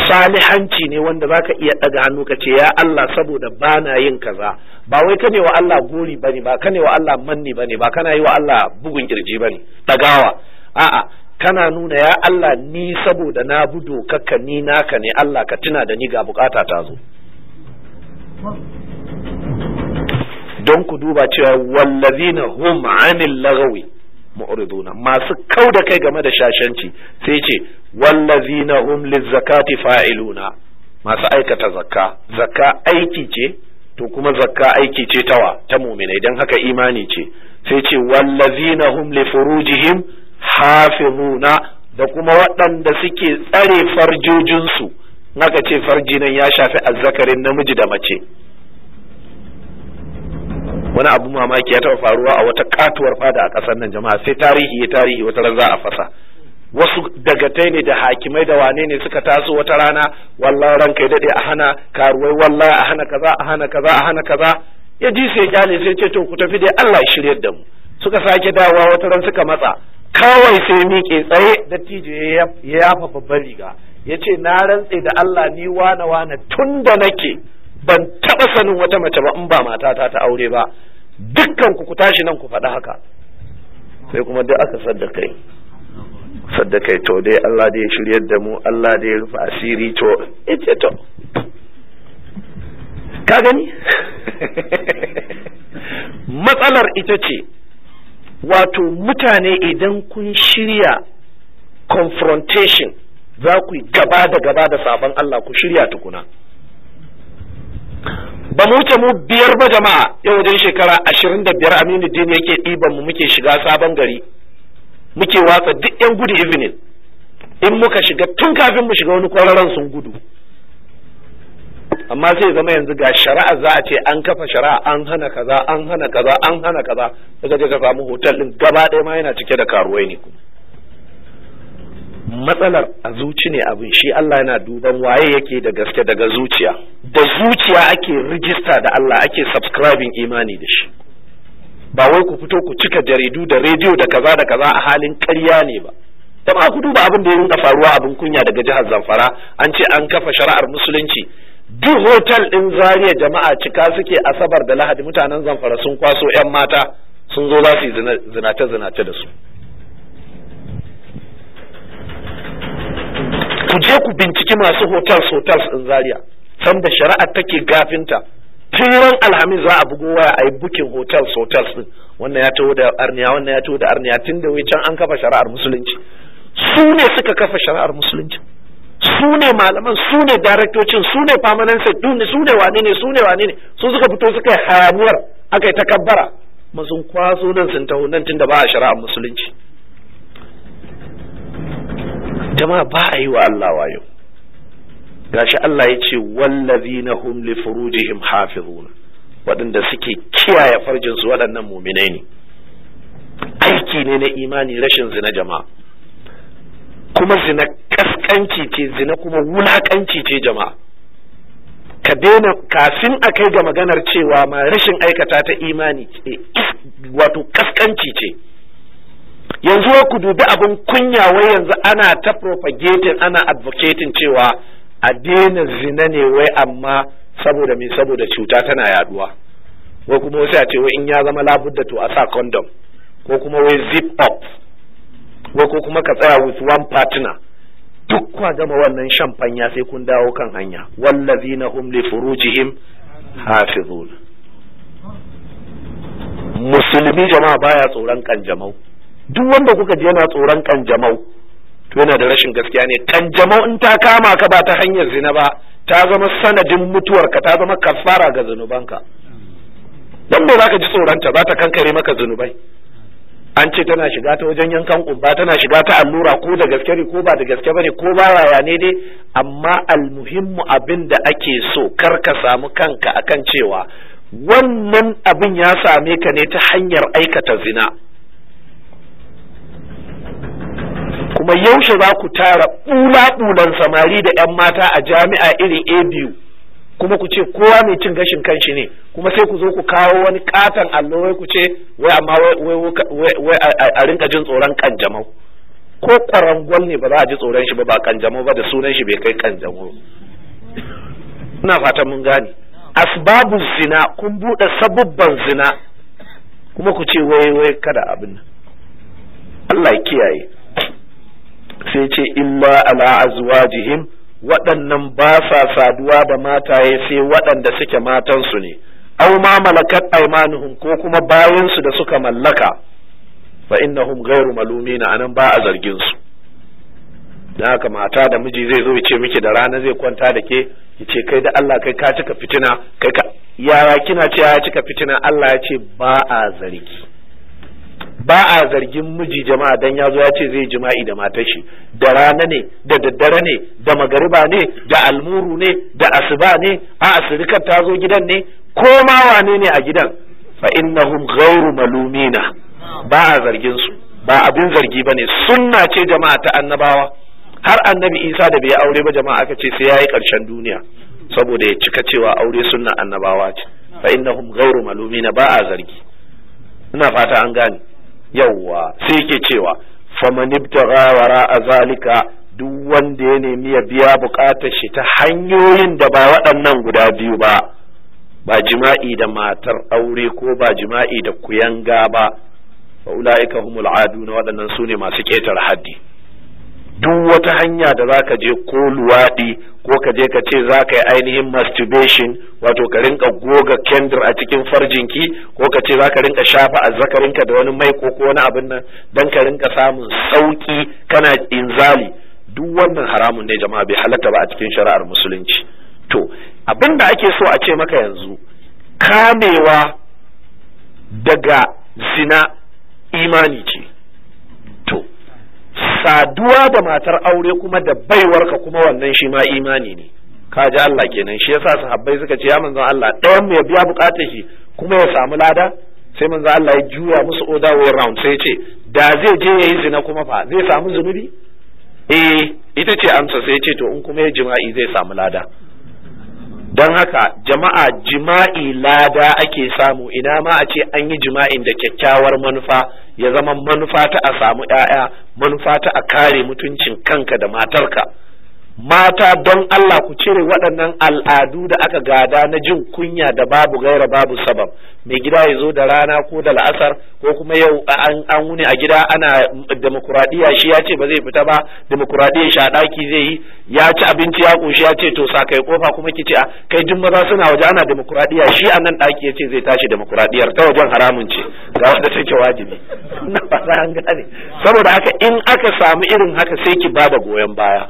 salihanci ne wanda za ka iya ɗaga hannu ka ce ya Allah saboda bana yin kaza ba wai ne wa Allah gori ne ba ne wa Allah manni ba ne ba kana yi wa Allah bugun kirji ne. ɗagawa a'a kana nuna ya Allah ni saboda na bi dokakka ni naka ne Allah ka tuna da ni ga bukata ta zo don ku duba cewa wallazina hum anil lagawi mu'riduna masu kau da kai game da shashanci sai ce wallazina hum zakati fa'iluna masu aikata zakka zakka aiki ce to kuma zakka aiki ce tawa ta mu'minai dan haka imani ce sai ce wallazina hum li furujihim hafizuna da kuma waɗanda suke tsare farjojinsu naka ce farji nan ya shafi azzakarin namiji da mace wani abu mamaki ya taɓa faruwa a wata katuwar fada a kasar nan jama'a sai tarihi ya tarihi wata ran za a fasa wasu dagatai ne da hakimai da wane ne suka taso wata rana wallahi ranka ya daɗe a hana karuwai wallahi a hana kaza a hana kaza a hana kaza ya ji sai ya sai ce to ku tafi dai Allah ya shiryar da mu suka sake dawowa wata ran suka matsa kawai sai miƙe tsaye dattijo ya yafa babban riga ya ce na rantse da Allah ni wana wana tun da nake ban taɓa sanin wata mace ba in ba matata ta aure ba dukkan ku ku tashi nan ku faɗi haka sai kuma dai aka sadda kai sadda kai to dai Allah da ya shiryar da mu Allah da ya rufe asiri to ita to ka gani matsalar ita ce wato mutane idan kun shirya confrontation za ku yi gaba da gaba da sabon Allah ku shirya tukuna ba mu wuce mu biyar ba jama'a yau wajen shekara ashirin da biyar aminu din yake ɗiban mu muke shiga sabon gari muke watsa duk yan gudu evening in muka shiga tun kafin mu shiga wani kwararan sun gudu amma sai zama yanzu ga shari'a za a ce an kafa shari'a an hana kaza an hana kaza an hana kaza daga ka samu hotel din gaba ɗaya ma yana cike da karuwai ne kuma matsalar a zuci ne abin shi Allah yana duban waye yake da gaske daga zuciya da zuciya ake rijista da Allah ake subscribing imani da shi ba wai ku fito ku cika jaridu da rediyo da kaza da kaza a halin ƙarya ne ba da ba ku duba abin da ya faruwa abin kunya daga jihar Zamfara an ce an kafa shari'ar musulunci duk hotel din Zaria jama'a cika suke asabar da Lahadi mutanen Zamfara sun kwaso 'yan mata sun zo za su yi zinace-zinace da su ku je ku binciki masu hotels hotels in zaria san da shari'ar take gafinta tun ran alhamis za a bugo waya a yi bukin hotels hotels din wannan ya taho da arniya wannan ya taho da arniya tun da can an kafa shari'ar musulunci su ne suka kafa shari'ar musulunci su ne malaman su ne daraktocin su ne permanent dun su ne wane ne su ne wane ne su suka fito suka yi hayabuwar aka yi takabbara ma sun kwaso nan sun taho nan tun da ba a shari'ar musulunci jama'a ba a yi wa Allah wayo gashi Allah ya ce wallazina hum li furujihim hafizuna waɗanda suke kiyaye farjin su waɗannan muminai ne aiki ne na imani rashin zina jama'a kuma zina kaskanci ce zina kuma wulakanci ce jama'a ka daina kafin a kai ga maganar cewa ma rashin aikata ta imani eh, ce wato kaskanci ce yanzu wa ku dubi abin kunya wai yanzu ana ta propagating ana advocating cewa a zina ne wai amma saboda me saboda cuta tana yaduwa ko kuma wasu a ce wai in ya zama labudda to a sa condom ko kuma wai zip up wai ko kuma ka tsaya with one partner duk kwa gama wannan shamfanya sai kun dawo kan hanya wallazina hum li furujihim hafizun musulmi jama'a baya tsoron kanjamau duk wanda kuka ji yana tsoron kanjamau to yana da rashin gaskiya ne kanjamau in ta kama ka ba ta hanyar zina ba ta zama sanadin mutuwarka ta zama kafara ga zunubanka dan ba za ka ji tsoronta za ta kankare maka zunubai an ce tana shiga ta wajen yankan kumba tana shiga ta allura ko da gaske ne ko ba da gaske bane ko ba ne dai amma almuhimmu abin da ake so kar ka samu kanka akan cewa wannan abin ya same ka ne ta hanyar aikata zina kuma yaushe za ku tara ɓula-ɓulan samari da 'yan mata a jami'a irin a biyu kuma ku ce kowa mai cin gashin kanshi ne kuma sai ku zo ku kawo wani katon allo wai ku ce wai amma wai a rinka jin tsoron kanjamau ko kwarangwal ne ba za a ji tsoron shi ba ba kanjamau ba da sunan shi bai kai kanjamau ina fatan mun gane asbabu zina kun buɗe sabubban zina kuma ku ce wai wai kada abin Allah ya kiyaye sai ce in ma ala waɗannan ba sa saduwa da mataye sai waɗanda suke matansu ne aw ma malakat aymanuhum ko kuma bayansu da suka mallaka fa innahum ghairu malumina anan ba a zargin su dan haka mata da miji zai zo yace ce miki da rana zai kwanta da ke ki kai da Allah kai ka cika fitina kai ka yaya kina ce ya cika fitina Allah ya ce ba a zargi ba a zargin miji jama'a dan ya zo ya ce zai jima'i da matar shi da rana ne da daddare ne da magariba ne da almuru ne da asuba ne a asirikar ta zo gidan ne ko ma wane ne a gidan fa innahum ghairu malumina ba a zargin su ba abin zargi bane sunna ce jama'a ta annabawa har annabi Isa da bai aure ba jama'a aka ce sai yayi karshen duniya saboda ya cika cewa aure sunna annabawa ce fa innahum ghairu malumina ba a zargi ina fata an gane yawwa sai yake cewa faman ibtagha wara zalika duk wanda ya nemi ya biya bukatar shi ta hanyoyin da ba waɗannan guda biyu ba ba jima'i da matar aure ko ba jima'i da kuyanga ba fa ulaika humul na waɗannan sune masu ƙetare haddi duk wata hanya da zaka je ko luwaɗi ko ka je ka ce za ka yi ainihin masturbation wato ka rinka goga kendir a cikin farjinki ko ka ce za ka rinka shafa azzakarinka da wani mai ko wani abin nan don ka rinka samun sauki kana inzali duk wannan haramun ne jama'a bai halatta ba a cikin shari'ar musulunci to abin da ake so a ce maka yanzu kamewa daga zina imani ce saduwa da matar aure kuma da baiwarka kuma wannan shi ma imani ne ka ji Allah kenan shi yasa sahabbai suka ce ya manzon Allah ɗayan mu ya biya bukatar shi kuma ya samu lada sai manzon Allah ya juya musu oda way round sai ya ce da zai je yayi zina kuma fa zai samu zunubi eh ita ce amsa sai ya ce to in kuma ya jima'i zai samu lada don haka jama'a jima'i lada ake samu ina ma a ce an yi jima'in da kyakkyawar manufa ya zama manufa ta a samu 'ya'ya manufa ta a kare mutuncin kanka da matarka mata don Allah ku cire waɗannan al'adu da aka gada na jin kunya da babu gaira babu sabab mai gida ya zo da rana ko da la'asar ko kuma yau an wuni a gida ana demokuraɗiyya shi ya ce ba zai fita ba demokuraɗiyya shaɗaki zai yi ya ci abinci ya ƙunshi ya ce to sa kai kofa kuma ki ce a kai jin maza suna waje ana demokuraɗiyya shi a nan ɗaki ya ce zai tashi demokuraɗiyyar ta wajen haramun ce ga wanda take wajibi na za an gane saboda haka in aka samu irin haka sai ki bada goyon baya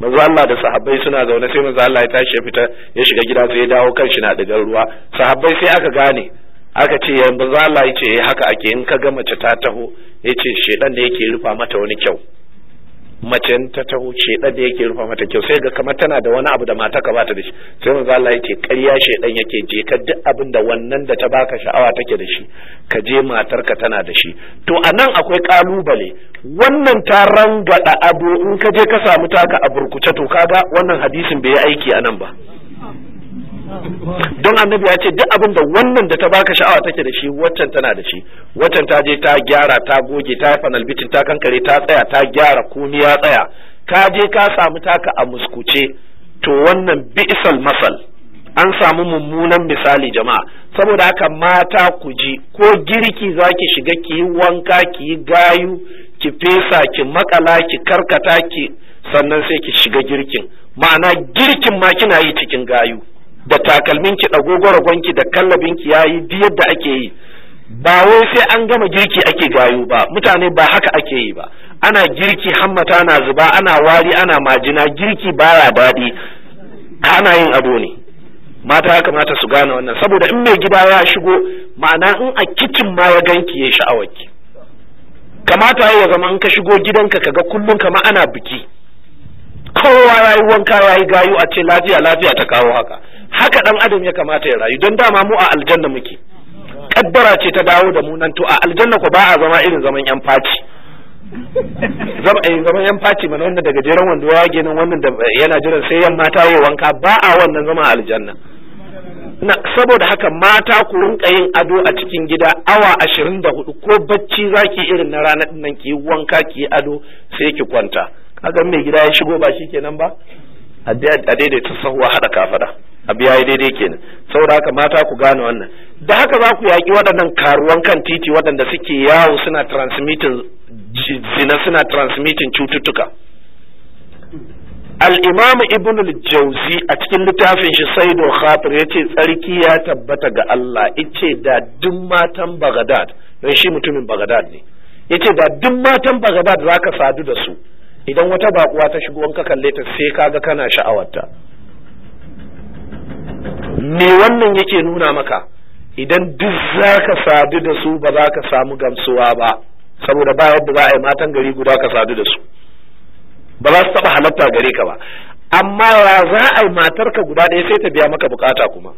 manzo Allah da sahabbai suna zaune sai manzo Allah ya tashi ya fita ya shiga gida sai ya dawo kan shi na digar ruwa sahabbai sai aka gane aka ce yanzu Allah ya ce eh, haka ake in ka ga mace ta taho ya ce shedan da yake rufa mata wani kyau mace ta taho shedan da yake rufa mata kyau sai ga kamar tana da wani abu da mata ka bata da shi sai manzo Allah yake ƙarya shedan yake je ka duk abin da wannan da ta baka sha'awa take da shi ka je matarka tana da shi to anan akwai kalubale wannan ta rangada abu in ka je ka samu taka a burkuce to kaga wannan hadisin bai yi aiki anan ba don annabi ya ce duk abin da wannan da ta baka sha'awa take da shi waccan tana da shi waccan ta je ta gyara ta goge ta yi fanal ta kankare ta tsaya ta gyara komi ya tsaya ka je ka samu taka a muskuce to wannan bi'sal masal an samu mummunan misali jama'a saboda haka mata ku ji ko girki za ki shiga ki yi wanka ki yi gayu ki fesa ki makala ki karkata ki sannan sai ki shiga girkin ma'ana girkin ma kina yi cikin gayu da takalminki da ki, da kallabinki yayi duk yadda ake yi ba wai sai an gama girki ake gayu ba mutane ba haka ake yi ba ana girki hammata na zuba ana wari ana majina girki baya dadi ana yin abu ne mata ya kamata su gane wannan saboda in mai gida ya shigo ma'ana in a kicin ma ya ganki ya sha'awarki kamata ya zama in ka shigo gidanka ka ga kullum kama ana biki kowa yayi wanka yayi gayu a ce lafiya lafiya ta kawo haka haka dan adam ya kamata ya rayu don dama mu a aljanna muke kaddara ce ta dawo da mu nan to a aljanna ko ba a zama irin zaman yan faci zama eh, zaman yan faci mana wanda daga jiran wanda ya wage wannan da yana jiran sai yan mata yi wanka ba a wannan zama a aljanna na saboda haka mata ku rinka yin ado a cikin gida awa ashirin da hudu ko bacci zaki irin na ranar nan ki wanka ki ado sai ki kwanta kaga mai gida ya shigo ba shi kenan ba a daidaita sahuwa hada kafada abu yayi daidai kenan saboda haka mata ku gane wannan da haka za ku yaƙi waɗannan karuwan kan titi waɗanda suke yawo suna transmitting zina suna transmitting cututtuka al ibn al a cikin littafin shi sai saidul ya yace tsarki ya tabbata ga Allah ice da duk matan Bagadad don shi mutumin bagadad ne yace da duk matan za zaka sadu da su idan wata bakuwa ta shigo wanka ka kalle ta sai kaga kana sha'awarta me wannan yake nuna maka idan duk za ka sadu da su ba za ka samu gamsuwa ba saboda ba yadda za a yi matan gari guda ka sadu da su ba za su taɓa halatta gare ka ba amma ya za a yi matarka guda ɗaya sai ta biya maka bukata kuma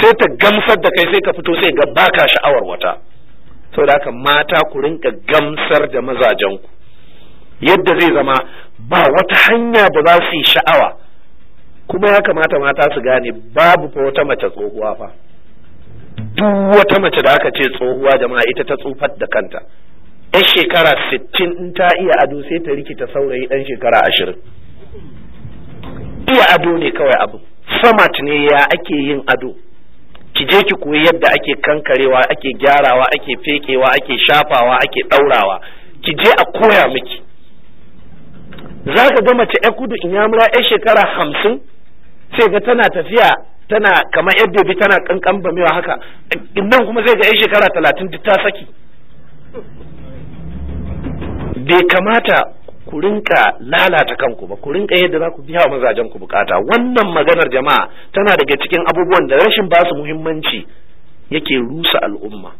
sai ta gamsar da kai sai ka fito sai ga baka sha'awar wata saboda haka mata ku rinka gamsar da mazajenku yadda zai zama ba wata hanya da za su yi sha'awa kuma ya kamata mata su gane babu fa wata mace tsohuwa fa duk wata mace da aka ce tsohuwa jama'a ita ta tsufar da kanta ɗan shekara sittin in ta iya ado sai ta rikita saurayi ɗan shekara ashirin iya ado ne kawai abu samat ne ya ake yin ado ki je ki koyi yadda ake kankarewa ake gyarawa ake fekewa ake shafawa ake ɗaurawa ki je a koya miki za ka ga mace ya kudu in yamura ya shekara hamsin sai ga tana tafiya tana kamar yadda bi tana kankan bamewa haka nan kuma zai ga ya shekara talatin ta saki bai kamata ku rinka lalata kanku ba ku rinka yadda za ku biya wa mazajen ku bukata wannan maganar jama'a tana daga cikin abubuwan da rashin basu muhimmanci yake rusa al'umma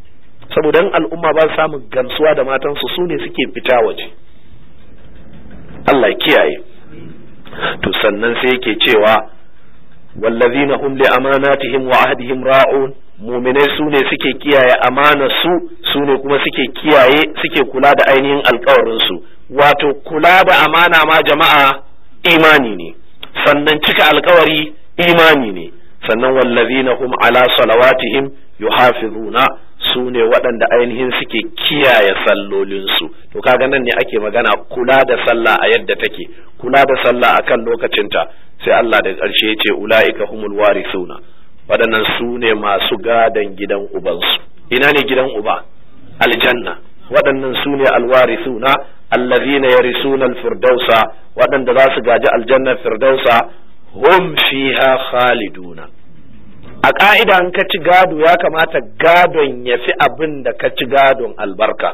saboda al'umma ba su samun gamsuwa da matansu su ne suke fita waje Allah kiyaye to sannan sai yake cewa wallazina hum li amanatihim wa ahdihim ra'un muminai su ne suke kiyaye amana su su ne kuma suke kiyaye suke kula da ainihin alkawarin su wato kula da amana ma jama'a imani ne sannan cika alkawari imani ne sannan wallazina hum ala salawatihim yuhafizuna su ne waɗanda ainihin suke kiyaye sallolinsu to kaga nan ne ake magana kula da sallah a yadda take kula da sallah a kan lokacinta sai Allah da ƙarshe ce ula'ika humul warisuna waɗannan su ne masu gadan gidan ubansu ina ne gidan uba aljanna waɗannan su ne alwarisuna allazina sunan firdausa waɗanda za su gaji aljannar firdausa hum fiha khaliduna a ka'ida in ka ci gado ya kamata gadon ya fi abin da ka ci gadon albarka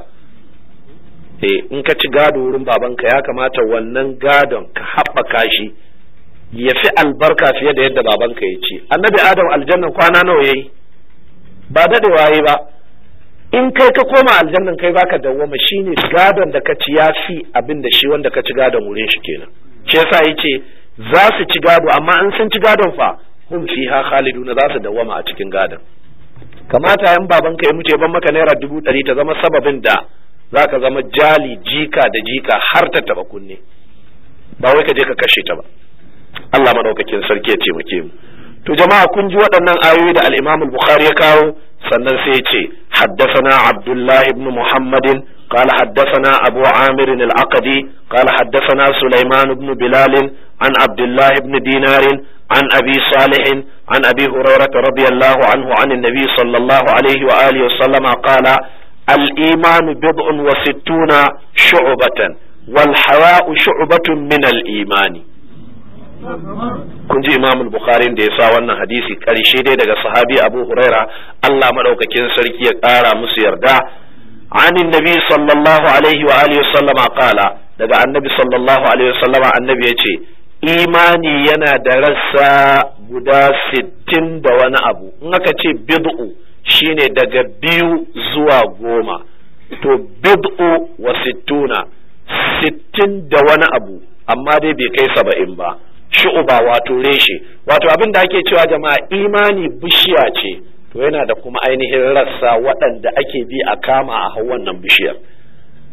eh, in ka ci gado wurin babanka ya kamata wannan gadon ka haɓaka shi ya fi albarka fiye da yadda babanka ya ci annabi adam aljannan kwana nawa yayi ba dadewa yayi ba in kai ka koma aljannan kai baka dawwama shine gadon da ka ci ya fi abin da shi wanda ka ci gadon wurin shi kenan shi yasa yace za su ci gado amma an san ci gadon fa hum fiha khalidun za su dawama a cikin gadan kamata yan babanka ya muce ban maka naira dubu ɗari ta zama sababin da zaka zama jali jika da jika har ta taba kunne ba wai ka je ka kashe ta ba Allah madaukakin sarki ya ce muke mu to jama'a kun ji waɗannan ayoyi da al-Imam al-Bukhari ya kawo sannan sai ya ce haddathana Abdullah ibn Muhammadin قال حدثنا أبو عامر العقدي قال حدثنا سليمان بن بلال عن عبد الله بن دينار عن أبي صالح عن أبي هريرة رضي الله عنه عن النبي صلى الله عليه وآله وسلم قال الإيمان بضع وستون شعبة والحياء شعبة من الإيمان kun ji imamul bukhari da ya sa wannan hadisi karshe dai daga sahabi abu huraira allah maɗaukakin sarki ya ƙara musu yarda anin nabi sallallahu alaihi wa alihi sallama kala daga annabi sallallahu alaihi wa sallama annabi ya ce imani yana da rassa guda sittin da wani abu in aka ce bid'u shine daga biyu zuwa goma to bid'u wa sittuna sittin da wani abu amma dai bai kai saba'in ba shu'uba wato reshe wato abin da ake cewa jama'a imani bishiya ce to yana da kuma ainihin rassa waɗanda ake bi a kama a hau wannan bishiyar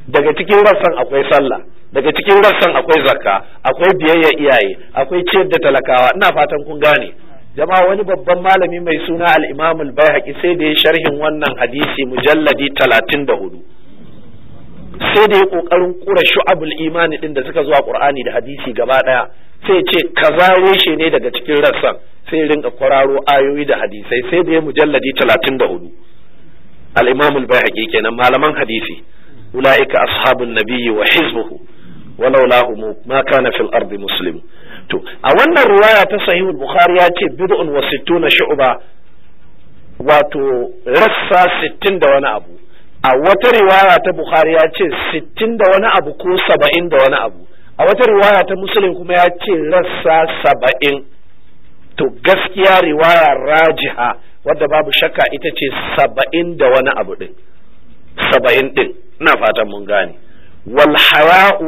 daga cikin rassan akwai sallah daga cikin rassan akwai zakka akwai biyayya iyaye akwai ciyar da talakawa ina fatan kun gane jama'a wani babban malami mai suna al-Imam al-Baihaqi sai da ya sharhin wannan hadisi mujalladi 34 sai da ya kokarin kura shu'abul imani din da suka zuwa Qur'ani da hadisi gaba daya sai ya ce kaza reshe ne daga cikin rassan sai rinka kwararo ayoyi da hadisai sai da ya mujalladi 34 al-Imam al-Baihaqi kenan malaman hadisi ulaika ashabun nabiyyi wa hizbuhu walaulahu ma kana fil ardi muslim to a wannan ruwaya ta sahihul bukhari ya ce bid'un wa sittuna shu'ba wato rassa sittin da wani abu a wata riwaya ta bukhari ya ce sittin da wani abu ko saba'in da wani abu a wata riwaya ta muslim kuma ya ce rassa saba'in to gaskiya riwaya rajiha wadda babu shakka ita ce saba'in da wani abu din saba'in din ina fatan mun gane wal haya'u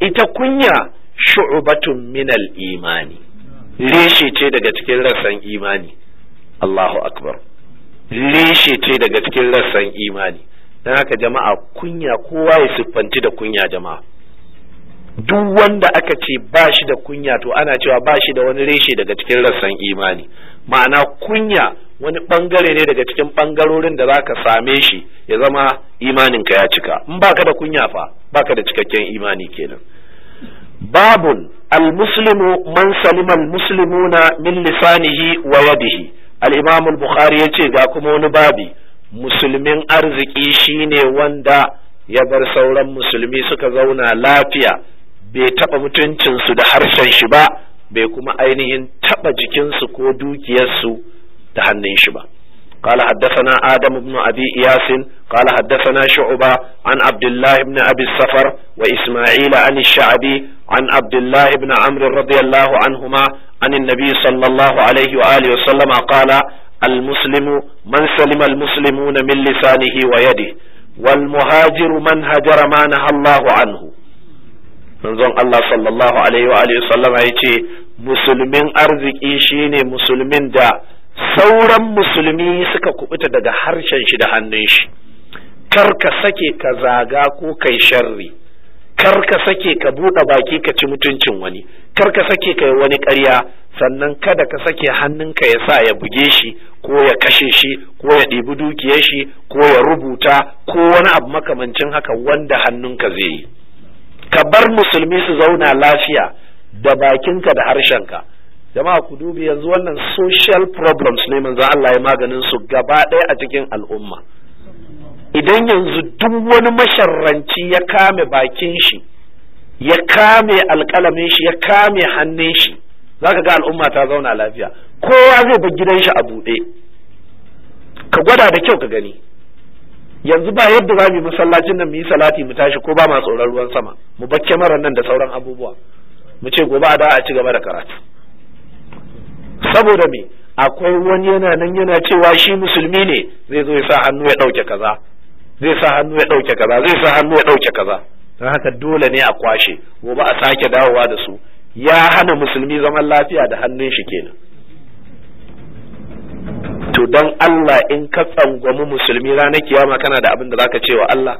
ita kunya shu'batun minal imani Leshe ce daga cikin rassan imani Allahu akbar reshe ce daga cikin rassan imani dan haka jama'a kunya kowa ya siffanci da kunya jama'a duk wanda aka ce ba shi da kunya to ana cewa bashi da wani reshe daga cikin rassan imani ma'ana kunya wani bangare ne daga cikin bangarorin da zaka same shi ya zama imaninka ya cika in baka da kunya fa baka da cikakken imani kenan babun almuslimu man salima almuslimuna min lisanihi wa yadihi al-imam al-bukhari yace ga kuma wani babi musulmin arziki shine wanda ya bar sauran musulmi suka zauna lafiya bai taba mutuncinsu da harshen shi ba bai kuma ainihin taba jikinsu ko dukiyarsu da hannun shi ba قال حدثنا آدم بن أبي إياس قال حدثنا شعبة عن عبد الله بن أبي السفر وإسماعيل عن الشعبي عن عبد الله بن عمرو رضي الله عنهما عن النبي صلى الله عليه وآله وسلم قال المسلم من سلم المسلمون من لسانه ويده والمهاجر من هجر ما نهى الله عنه manzon Allah sallallahu alaihi wa alihi sallama yace musulmin arziki shine musulmin da sauran musulmi suka kubuta daga harshen shi da hannun shi kar ka sake ka zaga ko kai sharri kar ka sake ka buɗe baki ka ci mutuncin wani kar ka sake ka yi wani ƙarya sannan kada ka sake hannunka ya sa ya buge shi ko ya kashe shi ko ya ɗibi dukiyar shi ko ya rubuta ko wani abu makamancin haka wanda hannunka zai yi ka bar musulmi su zauna lafiya da bakinka da harshenka jama'a ku dubi yanzu wannan social problems ne manzo Allah ya maganin su gaba ɗaya a cikin al'umma idan yanzu duk wani masharranci ya kame bakin shi ya kame alƙalamin shi ya kame hannun shi zaka ga al'umma ta zauna lafiya kowa zai bar gidan shi a buɗe ka gwada da kyau ka gani yanzu ba yadda za mu yi masallacin nan mu yi salati mu tashi ko ba ma tsoron ruwan sama mu bar kyamarar nan da sauran abubuwa mu ce gobe a da a ci gaba da karatu saboda me akwai wani yana nan yana cewa shi musulmi ne zai zo ya sa hannu ya ɗauke kaza zai sa hannu ya ɗauke kaza zai sa hannu ya ɗauke kaza don haka dole ne a kwashe gobe a sake dawowa da su ya hana musulmi zaman lafiya da hannun shi kenan to don Allah in ka tsangwami musulmi ranar kiyama kana da abin da zaka ce wa Allah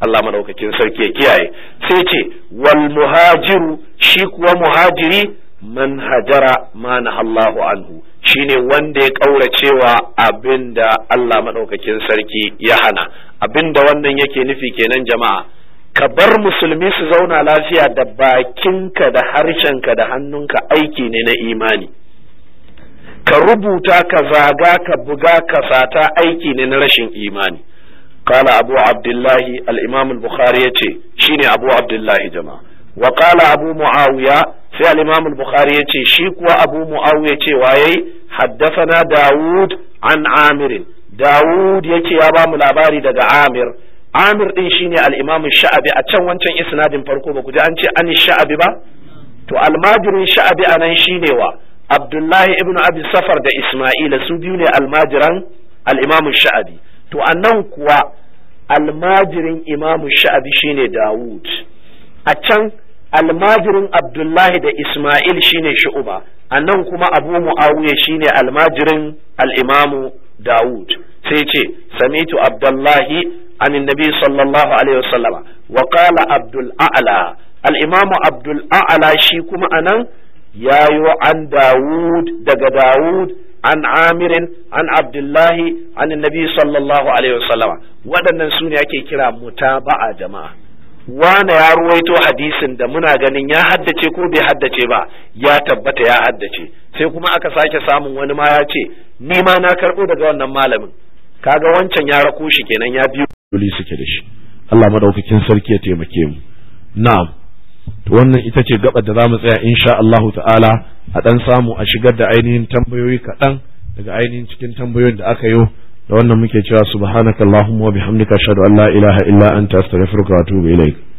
Allah madaukakin sarki ya kiyaye sai ce wal muhajiru shi kuwa muhajiri man hajara ma Allahu anhu shine wanda ya kauracewa abinda Allah madaukakin sarki ya hana abinda wannan yake nufi kenan jama'a ka bar musulmi su zauna lafiya da bakinka da harshenka da hannunka aiki ne na imani ka rubuta ka zaga ka buga ka sata aiki ne na rashin imani قال أبو عبد الله الإمام البخاري شيني أبو عبد الله جماعة وقال أبو معاوية sai al-imam al-bukhari yace shi kuwa abu muawiya cewa yayi haddathana daud an amir daud yake ya ba mu labari daga amir amir din shine al-imam sha'abi a can wancan isnadin farko ba ku ji an ce an sha'abi ba to almajirin sha'abi anan shine wa abdullahi ibnu abi safar da isma'ila su biyu ne almajiran al-imam sha'abi to anan kuwa almajirin imam sha'abi shine daud a can almajirin abdullahi da isma'il shine shu'uba nan kuma abu mu'awiya shine almajirin al'imamu dawud sai ce samitu abdullahi an nabi sallallahu alaihi wasallama wa qala abdul a'la al'imamu abdul a'la shi kuma anan yayo an dawud daga dawud an amirin an abdullahi an nabi sallallahu alaihi wasallama waɗannan su ne ake kira mutaba'a jama'a wane ya ruwaito hadisin da muna ganin ya haddace ko bai haddace ba ya tabbata ya haddace sai kuma aka sake samun wani ma ya ce ni ma na karɓo daga wannan malamin kaga wancan ya rako shi kenan ya biyo dole suke da shi Allah madaukakin sarki ya taimake mu na'am to wannan ita ce gaba da zamu tsaya insha Allah ta'ala a dan samu a shigar da ainihin tambayoyi kaɗan daga ainihin cikin tambayoyin da aka yi da wannan muke cewa subhanakallahumma wa bihamdika ashhadu an la ilaha illa anta astaghfiruka wa atubu ilaik